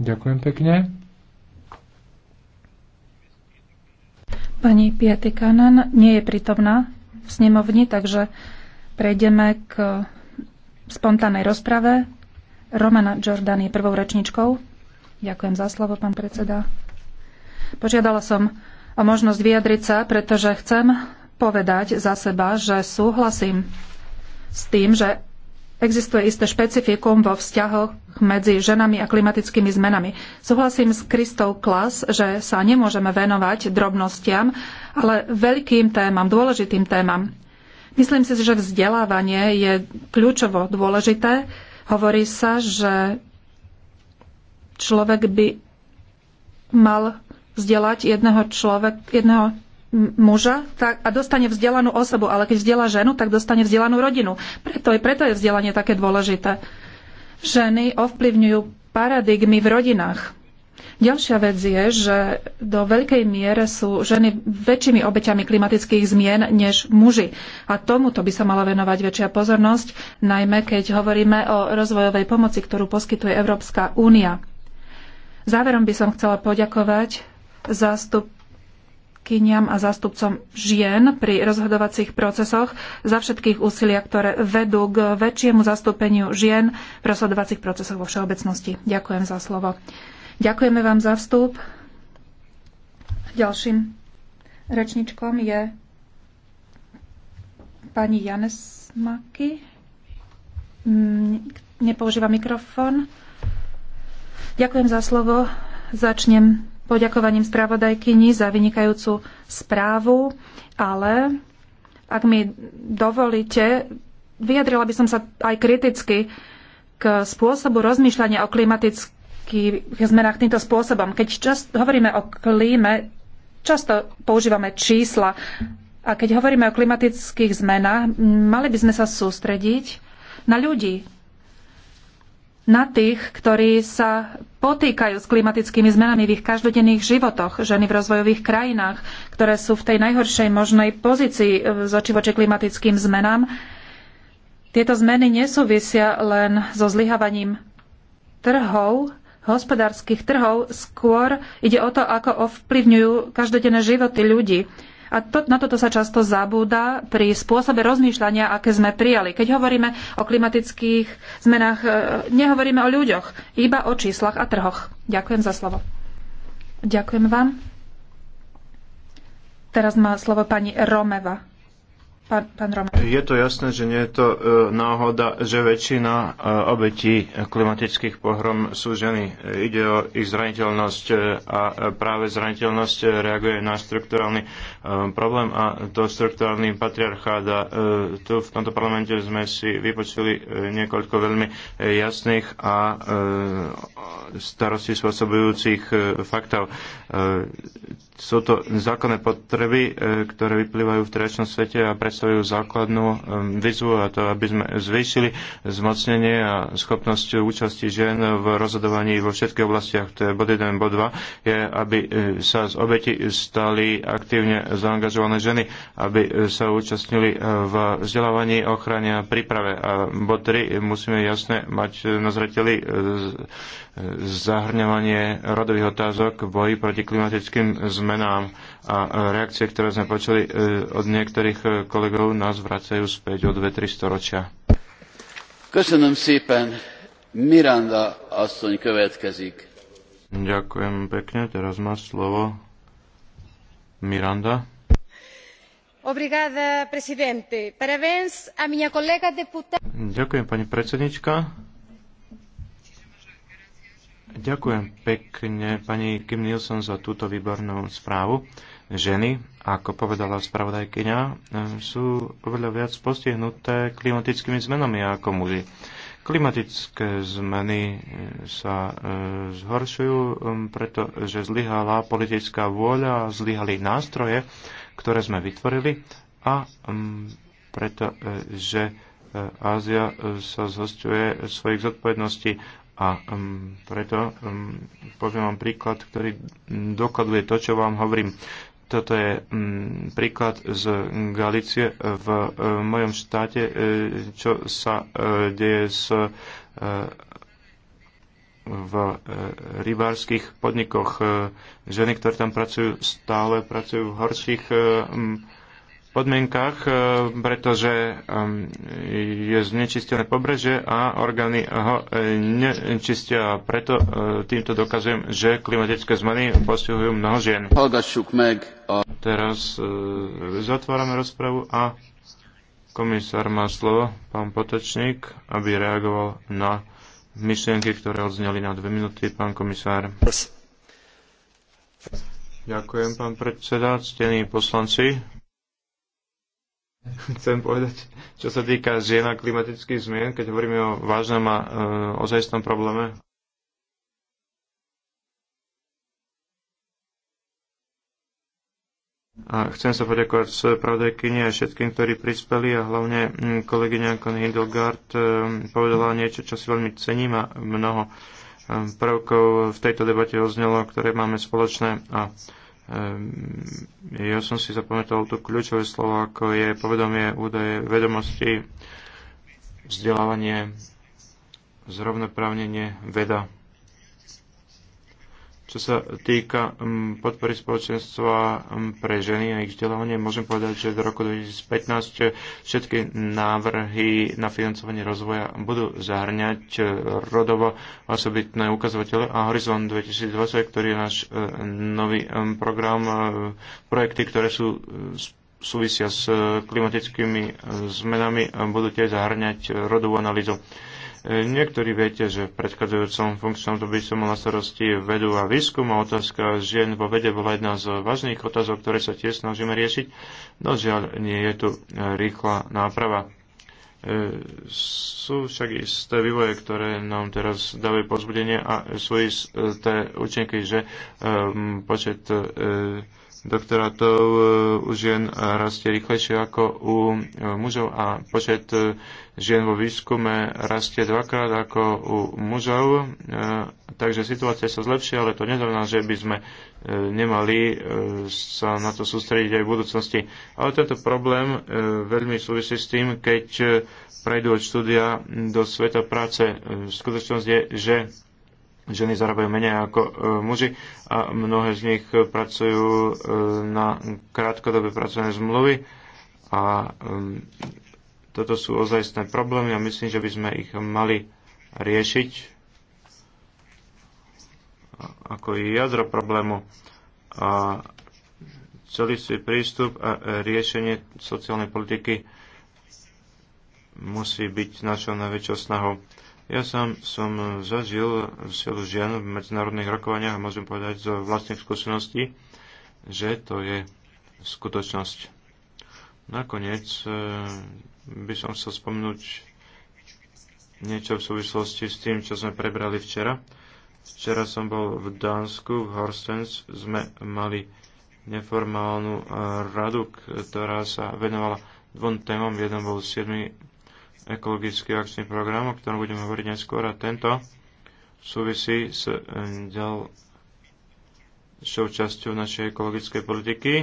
Ďakujem pekne. Pani Piatikanen nie je prítomná v snemovni, takže prejdeme k spontánnej rozprave. Romana Jordan je prvou rečničkou. Ďakujem za slovo, pán predseda. Požiadala som o možnosť vyjadriť sa, pretože chcem povedať za seba, že súhlasím s tým, že existuje isté špecifikum vo vzťahoch medzi ženami a klimatickými zmenami. Súhlasím s Kristou Klas, že sa nemôžeme venovať drobnostiam, ale veľkým témam, dôležitým témam. Myslím si, že vzdelávanie je kľúčovo dôležité. Hovorí sa, že človek by mal vzdelať jedného, človek, jedného muža tak, a dostane vzdelanú osobu, ale keď vzdela ženu, tak dostane vzdelanú rodinu. Preto, preto je vzdelanie také dôležité. Ženy ovplyvňujú paradigmy v rodinách. Ďalšia vec je, že do veľkej miere sú ženy väčšími obeťami klimatických zmien než muži. A tomuto by sa mala venovať väčšia pozornosť, najmä keď hovoríme o rozvojovej pomoci, ktorú poskytuje Európska únia. Záverom by som chcela poďakovať zástupkyniam a zástupcom žien pri rozhodovacích procesoch za všetkých úsilia, ktoré vedú k väčšiemu zastúpeniu žien v rozhodovacích procesoch vo všeobecnosti. Ďakujem za slovo. Ďakujeme vám za vstup. Ďalším rečničkom je pani Janes Maky. Mm, nepoužíva mikrofón. Ďakujem za slovo. Začnem poďakovaním správodajkyni za vynikajúcu správu, ale ak mi dovolíte, vyjadrila by som sa aj kriticky k spôsobu rozmýšľania o klimatickej klimatických zmenách týmto spôsobom. Keď čas, hovoríme o klíme, často používame čísla. A keď hovoríme o klimatických zmenách, mali by sme sa sústrediť na ľudí, na tých, ktorí sa potýkajú s klimatickými zmenami v ich každodenných životoch, ženy v rozvojových krajinách, ktoré sú v tej najhoršej možnej pozícii e, z oči voči klimatickým zmenám. Tieto zmeny nesúvisia len so zlyhavaním trhov, hospodárskych trhov, skôr ide o to, ako ovplyvňujú každodenné životy ľudí. A to, na toto sa často zabúda pri spôsobe rozmýšľania, aké sme prijali. Keď hovoríme o klimatických zmenách, e, nehovoríme o ľuďoch, iba o číslach a trhoch. Ďakujem za slovo. Ďakujem vám. Teraz má slovo pani Romeva. Pán, pán Roman. Je to jasné, že nie je to e, náhoda, že väčšina e, obetí klimatických pohrom sú ženy. Ide o ich zraniteľnosť e, a e, práve zraniteľnosť e, reaguje na strukturálny e, problém a to strukturálny patriarchát. A, e, tu v tomto parlamente sme si vypočuli e, niekoľko veľmi e, jasných a e, starosti spôsobujúcich e, faktov. E, sú to zákonné potreby, e, ktoré vyplývajú v trečnom svete a predstavujú základnú e, výzvu a to, aby sme zvýšili zmocnenie a schopnosť účasti žien v rozhodovaní vo všetkých oblastiach. To je bod 1, bod 2, je, aby e, sa z obeti stali aktívne zaangažované ženy, aby sa účastnili v vzdelávaní, ochrane a príprave. A bod 3, musíme jasne mať na zreteli zahrňovanie rodových otázok v boji proti klimatickým zmenám menám a reakcie, ktoré sme počuli e, od niektorých e, kolegov, nás vracajú späť o 2-3 storočia. Ďakujem szépen. Miranda asoň következik. Ďakujem pekne, teraz má slovo Miranda. Obrigada, presidente. Parabéns a minha colega deputada. Ďakujem, pani predsednička Ďakujem pekne pani Kim Nielsen za túto výbornú správu. Ženy, ako povedala spravodajkyňa, sú oveľa viac postihnuté klimatickými zmenami ako muži. Klimatické zmeny eh, sa eh, zhoršujú, eh, pretože zlyhala politická vôľa, zlyhali nástroje, ktoré sme vytvorili a mm, pretože Ázia sa zhostuje svojich zodpovedností a um, preto um, poviem vám príklad, ktorý dokladuje to, čo vám hovorím. Toto je um, príklad z Galície v uh, mojom štáte, uh, čo sa uh, deje s uh, v rybárskych podnikoch. Ženy, ktoré tam pracujú, stále pracujú v horších podmienkach, e, pretože je znečistené pobreže a orgány ho e, nečistia. Preto e, týmto dokazujem, že klimatické zmeny postihujú mnoho žien. Teraz zatvárame rozpravu a komisár má slovo, pán Potočník, aby reagoval na myšlienky, ktoré odzneli na dve minúty, pán komisár. Ďakujem, pán predseda, ctení poslanci. Chcem povedať, čo sa týka žien a klimatických zmien, keď hovoríme o vážnom a e, ozajstnom probléme. A chcem sa poďakovať spravodajkyni a všetkým, ktorí prispeli a hlavne mm, kolegyňa Kon Hindelgard e, povedala niečo, čo si veľmi cením a mnoho e, prvkov v tejto debate oznelo, ktoré máme spoločné. A Ehm, ja som si zapamätal to kľúčové slovo, ako je povedomie, údaje, vedomosti, vzdelávanie, zrovnoprávnenie, veda. Čo sa týka mm, podpory spoločenstva mm, pre ženy a ich vzdelávanie, môžem povedať, že v roku 2015 všetky návrhy na financovanie rozvoja budú zahrňať e, rodovo osobitné ukazovatele a Horizon 2020, ktorý je náš e, nový e, program, projekty, ktoré sú súvisia s klimatickými zmenami, budú tiež zahrňať rodovú analýzu. Niektorí viete, že v predchádzajúcom funkčnom dobi som mal na starosti vedu a výskum a otázka žien vo vede bola jedna z vážnych otázok, ktoré sa tiež snažíme riešiť. No žiaľ, nie je tu e, rýchla náprava. E, sú však isté vývoje, ktoré nám teraz dávajú pozbudenie a sú isté účinky, že e, počet doktorátov e, u žien rastie rýchlejšie ako u e, mužov a počet e, žien vo výskume rastie dvakrát ako u mužov. Takže situácia sa zlepšia, ale to neznamená, že by sme nemali sa na to sústrediť aj v budúcnosti. Ale tento problém veľmi súvisí s tým, keď prejdú od štúdia do sveta práce. Skutočnosť je, že ženy zarábajú menej ako e, muži a mnohé z nich pracujú e, na krátkodobé pracovné zmluvy a toto sú ozajstné problémy a myslím, že by sme ich mali riešiť ako jadro problému a celý celistvý prístup a riešenie sociálnej politiky musí byť našou najväčšou snahou. Ja sám som zažil silu žien v medzinárodných rokovaniach a môžem povedať zo vlastných skúseností, že to je skutočnosť. Nakoniec eh, by som chcel spomenúť niečo v súvislosti s tým, čo sme prebrali včera. Včera som bol v Dánsku, v Horstens, sme mali neformálnu eh, radu, ktorá sa venovala dvom témom, Jeden bol 7 ekologický akčný program, o ktorom budeme hovoriť neskôr, a tento súvisí s eh, ďalšou časťou našej ekologickej politiky.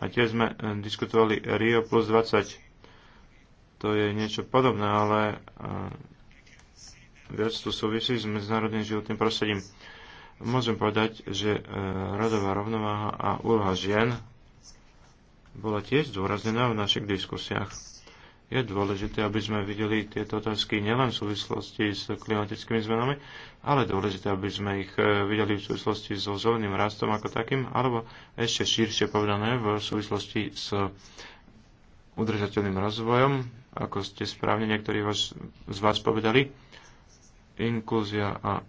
A tiež sme eh, diskutovali Rio plus 20. To je niečo podobné, ale eh, viac tu súvisí s medzinárodným životným prostredím. Môžem povedať, že radová rovnováha a úloha žien bola tiež zdôraznená v našich diskusiách je dôležité, aby sme videli tieto otázky nielen v súvislosti s klimatickými zmenami, ale dôležité, aby sme ich e, videli v súvislosti so zeleným rastom ako takým, alebo ešte širšie povedané v súvislosti s udržateľným rozvojom, ako ste správne niektorí vás, z vás povedali. Inklúzia a e,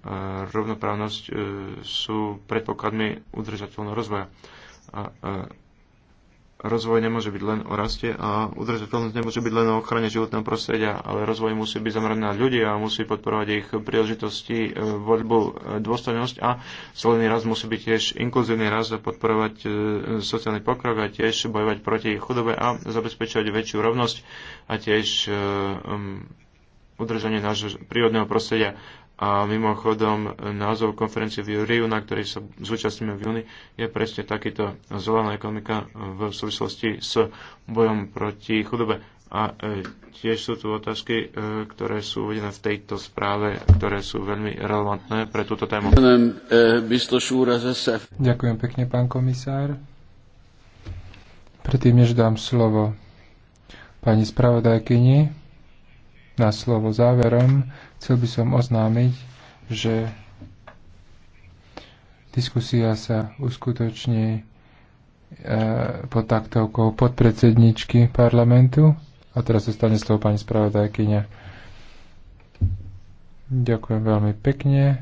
rovnoprávnosť e, sú predpokladmi udržateľného rozvoja. A rozvoj nemôže byť len o raste a udržateľnosť nemôže byť len o ochrane životného prostredia, ale rozvoj musí byť zameraný na ľudí a musí podporovať ich príležitosti, e, voľbu, e, dôstojnosť a zelený rast musí byť tiež inkluzívny rast a podporovať e, sociálny pokrok a tiež bojovať proti chudobe a zabezpečovať väčšiu rovnosť a tiež udržanie nášho prírodného prostredia. A mimochodom, názov konferencie v Riu, na ktorej sa zúčastníme v júni, je presne takýto zelená ekonomika v súvislosti s bojom proti chudobe. A e, tiež sú tu otázky, e, ktoré sú uvedené v tejto správe, ktoré sú veľmi relevantné pre túto tému. Ďakujem pekne, pán komisár. Predtým, než dám slovo pani spravodajkyni, na slovo záverom, chcel by som oznámiť, že diskusia sa uskutoční e, pod taktovkou podpredsedničky parlamentu. A teraz zostane slovo pani spravodajkyňa. Ďakujem veľmi pekne.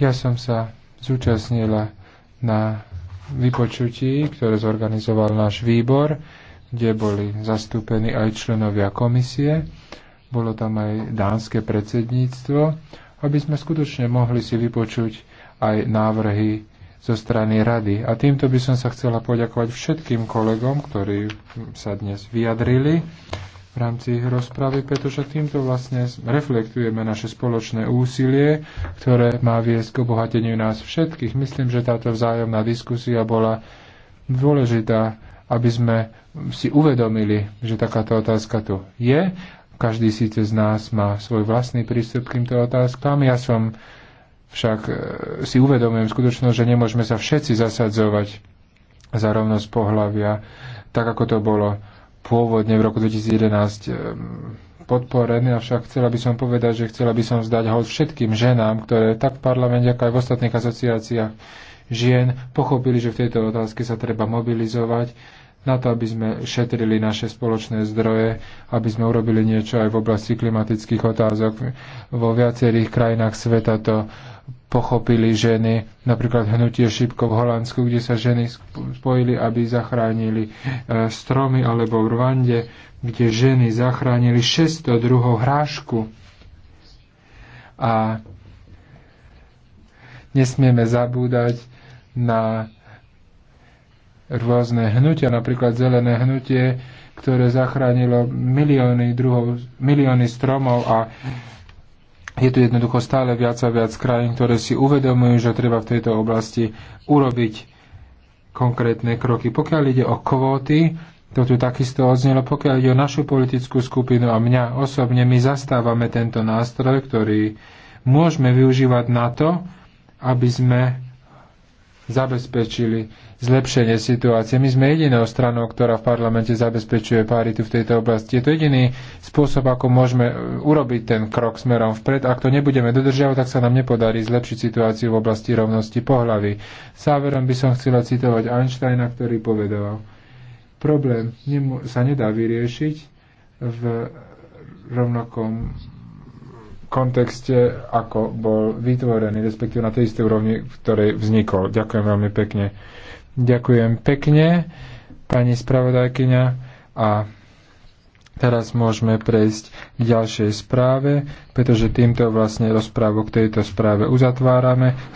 Ja som sa zúčastnila na vypočutí, ktoré zorganizoval náš výbor, kde boli zastúpení aj členovia komisie bolo tam aj dánske predsedníctvo, aby sme skutočne mohli si vypočuť aj návrhy zo strany rady. A týmto by som sa chcela poďakovať všetkým kolegom, ktorí sa dnes vyjadrili v rámci rozpravy, pretože týmto vlastne reflektujeme naše spoločné úsilie, ktoré má viesť k obohateniu nás všetkých. Myslím, že táto vzájomná diskusia bola dôležitá, aby sme si uvedomili, že takáto otázka tu je každý síce z nás má svoj vlastný prístup k týmto otázkam. Ja som však e, si uvedomujem skutočnosť, že nemôžeme sa všetci zasadzovať za rovnosť pohľavia, tak ako to bolo pôvodne v roku 2011 e, podporené, avšak chcela by som povedať, že chcela by som vzdať hod všetkým ženám, ktoré tak v parlamente, ako aj v ostatných asociáciách žien pochopili, že v tejto otázke sa treba mobilizovať na to, aby sme šetrili naše spoločné zdroje, aby sme urobili niečo aj v oblasti klimatických otázok. Vo viacerých krajinách sveta to pochopili ženy, napríklad hnutie šipko v Holandsku, kde sa ženy spojili, aby zachránili e, stromy, alebo v Rwande, kde ženy zachránili 600 druhov hrášku. A nesmieme zabúdať na rôzne hnutia, napríklad zelené hnutie, ktoré zachránilo milióny, druhov, milióny stromov a je tu jednoducho stále viac a viac krajín, ktoré si uvedomujú, že treba v tejto oblasti urobiť konkrétne kroky. Pokiaľ ide o kvóty, to tu takisto odznelo, pokiaľ ide o našu politickú skupinu a mňa osobne, my zastávame tento nástroj, ktorý môžeme využívať na to, aby sme zabezpečili zlepšenie situácie. My sme jedinou stranou, ktorá v parlamente zabezpečuje paritu v tejto oblasti. Je to jediný spôsob, ako môžeme e, urobiť ten krok smerom vpred. Ak to nebudeme dodržiavať, tak sa nám nepodarí zlepšiť situáciu v oblasti rovnosti pohlavy. Záverom by som chcela citovať Einsteina, ktorý povedal, problém sa nedá vyriešiť v rovnakom kontexte, ako bol vytvorený, respektíve na tej istej úrovni, v ktorej vznikol. Ďakujem veľmi pekne. Ďakujem pekne, pani spravodajkyňa. A teraz môžeme prejsť k ďalšej správe, pretože týmto vlastne rozprávu k tejto správe uzatvárame.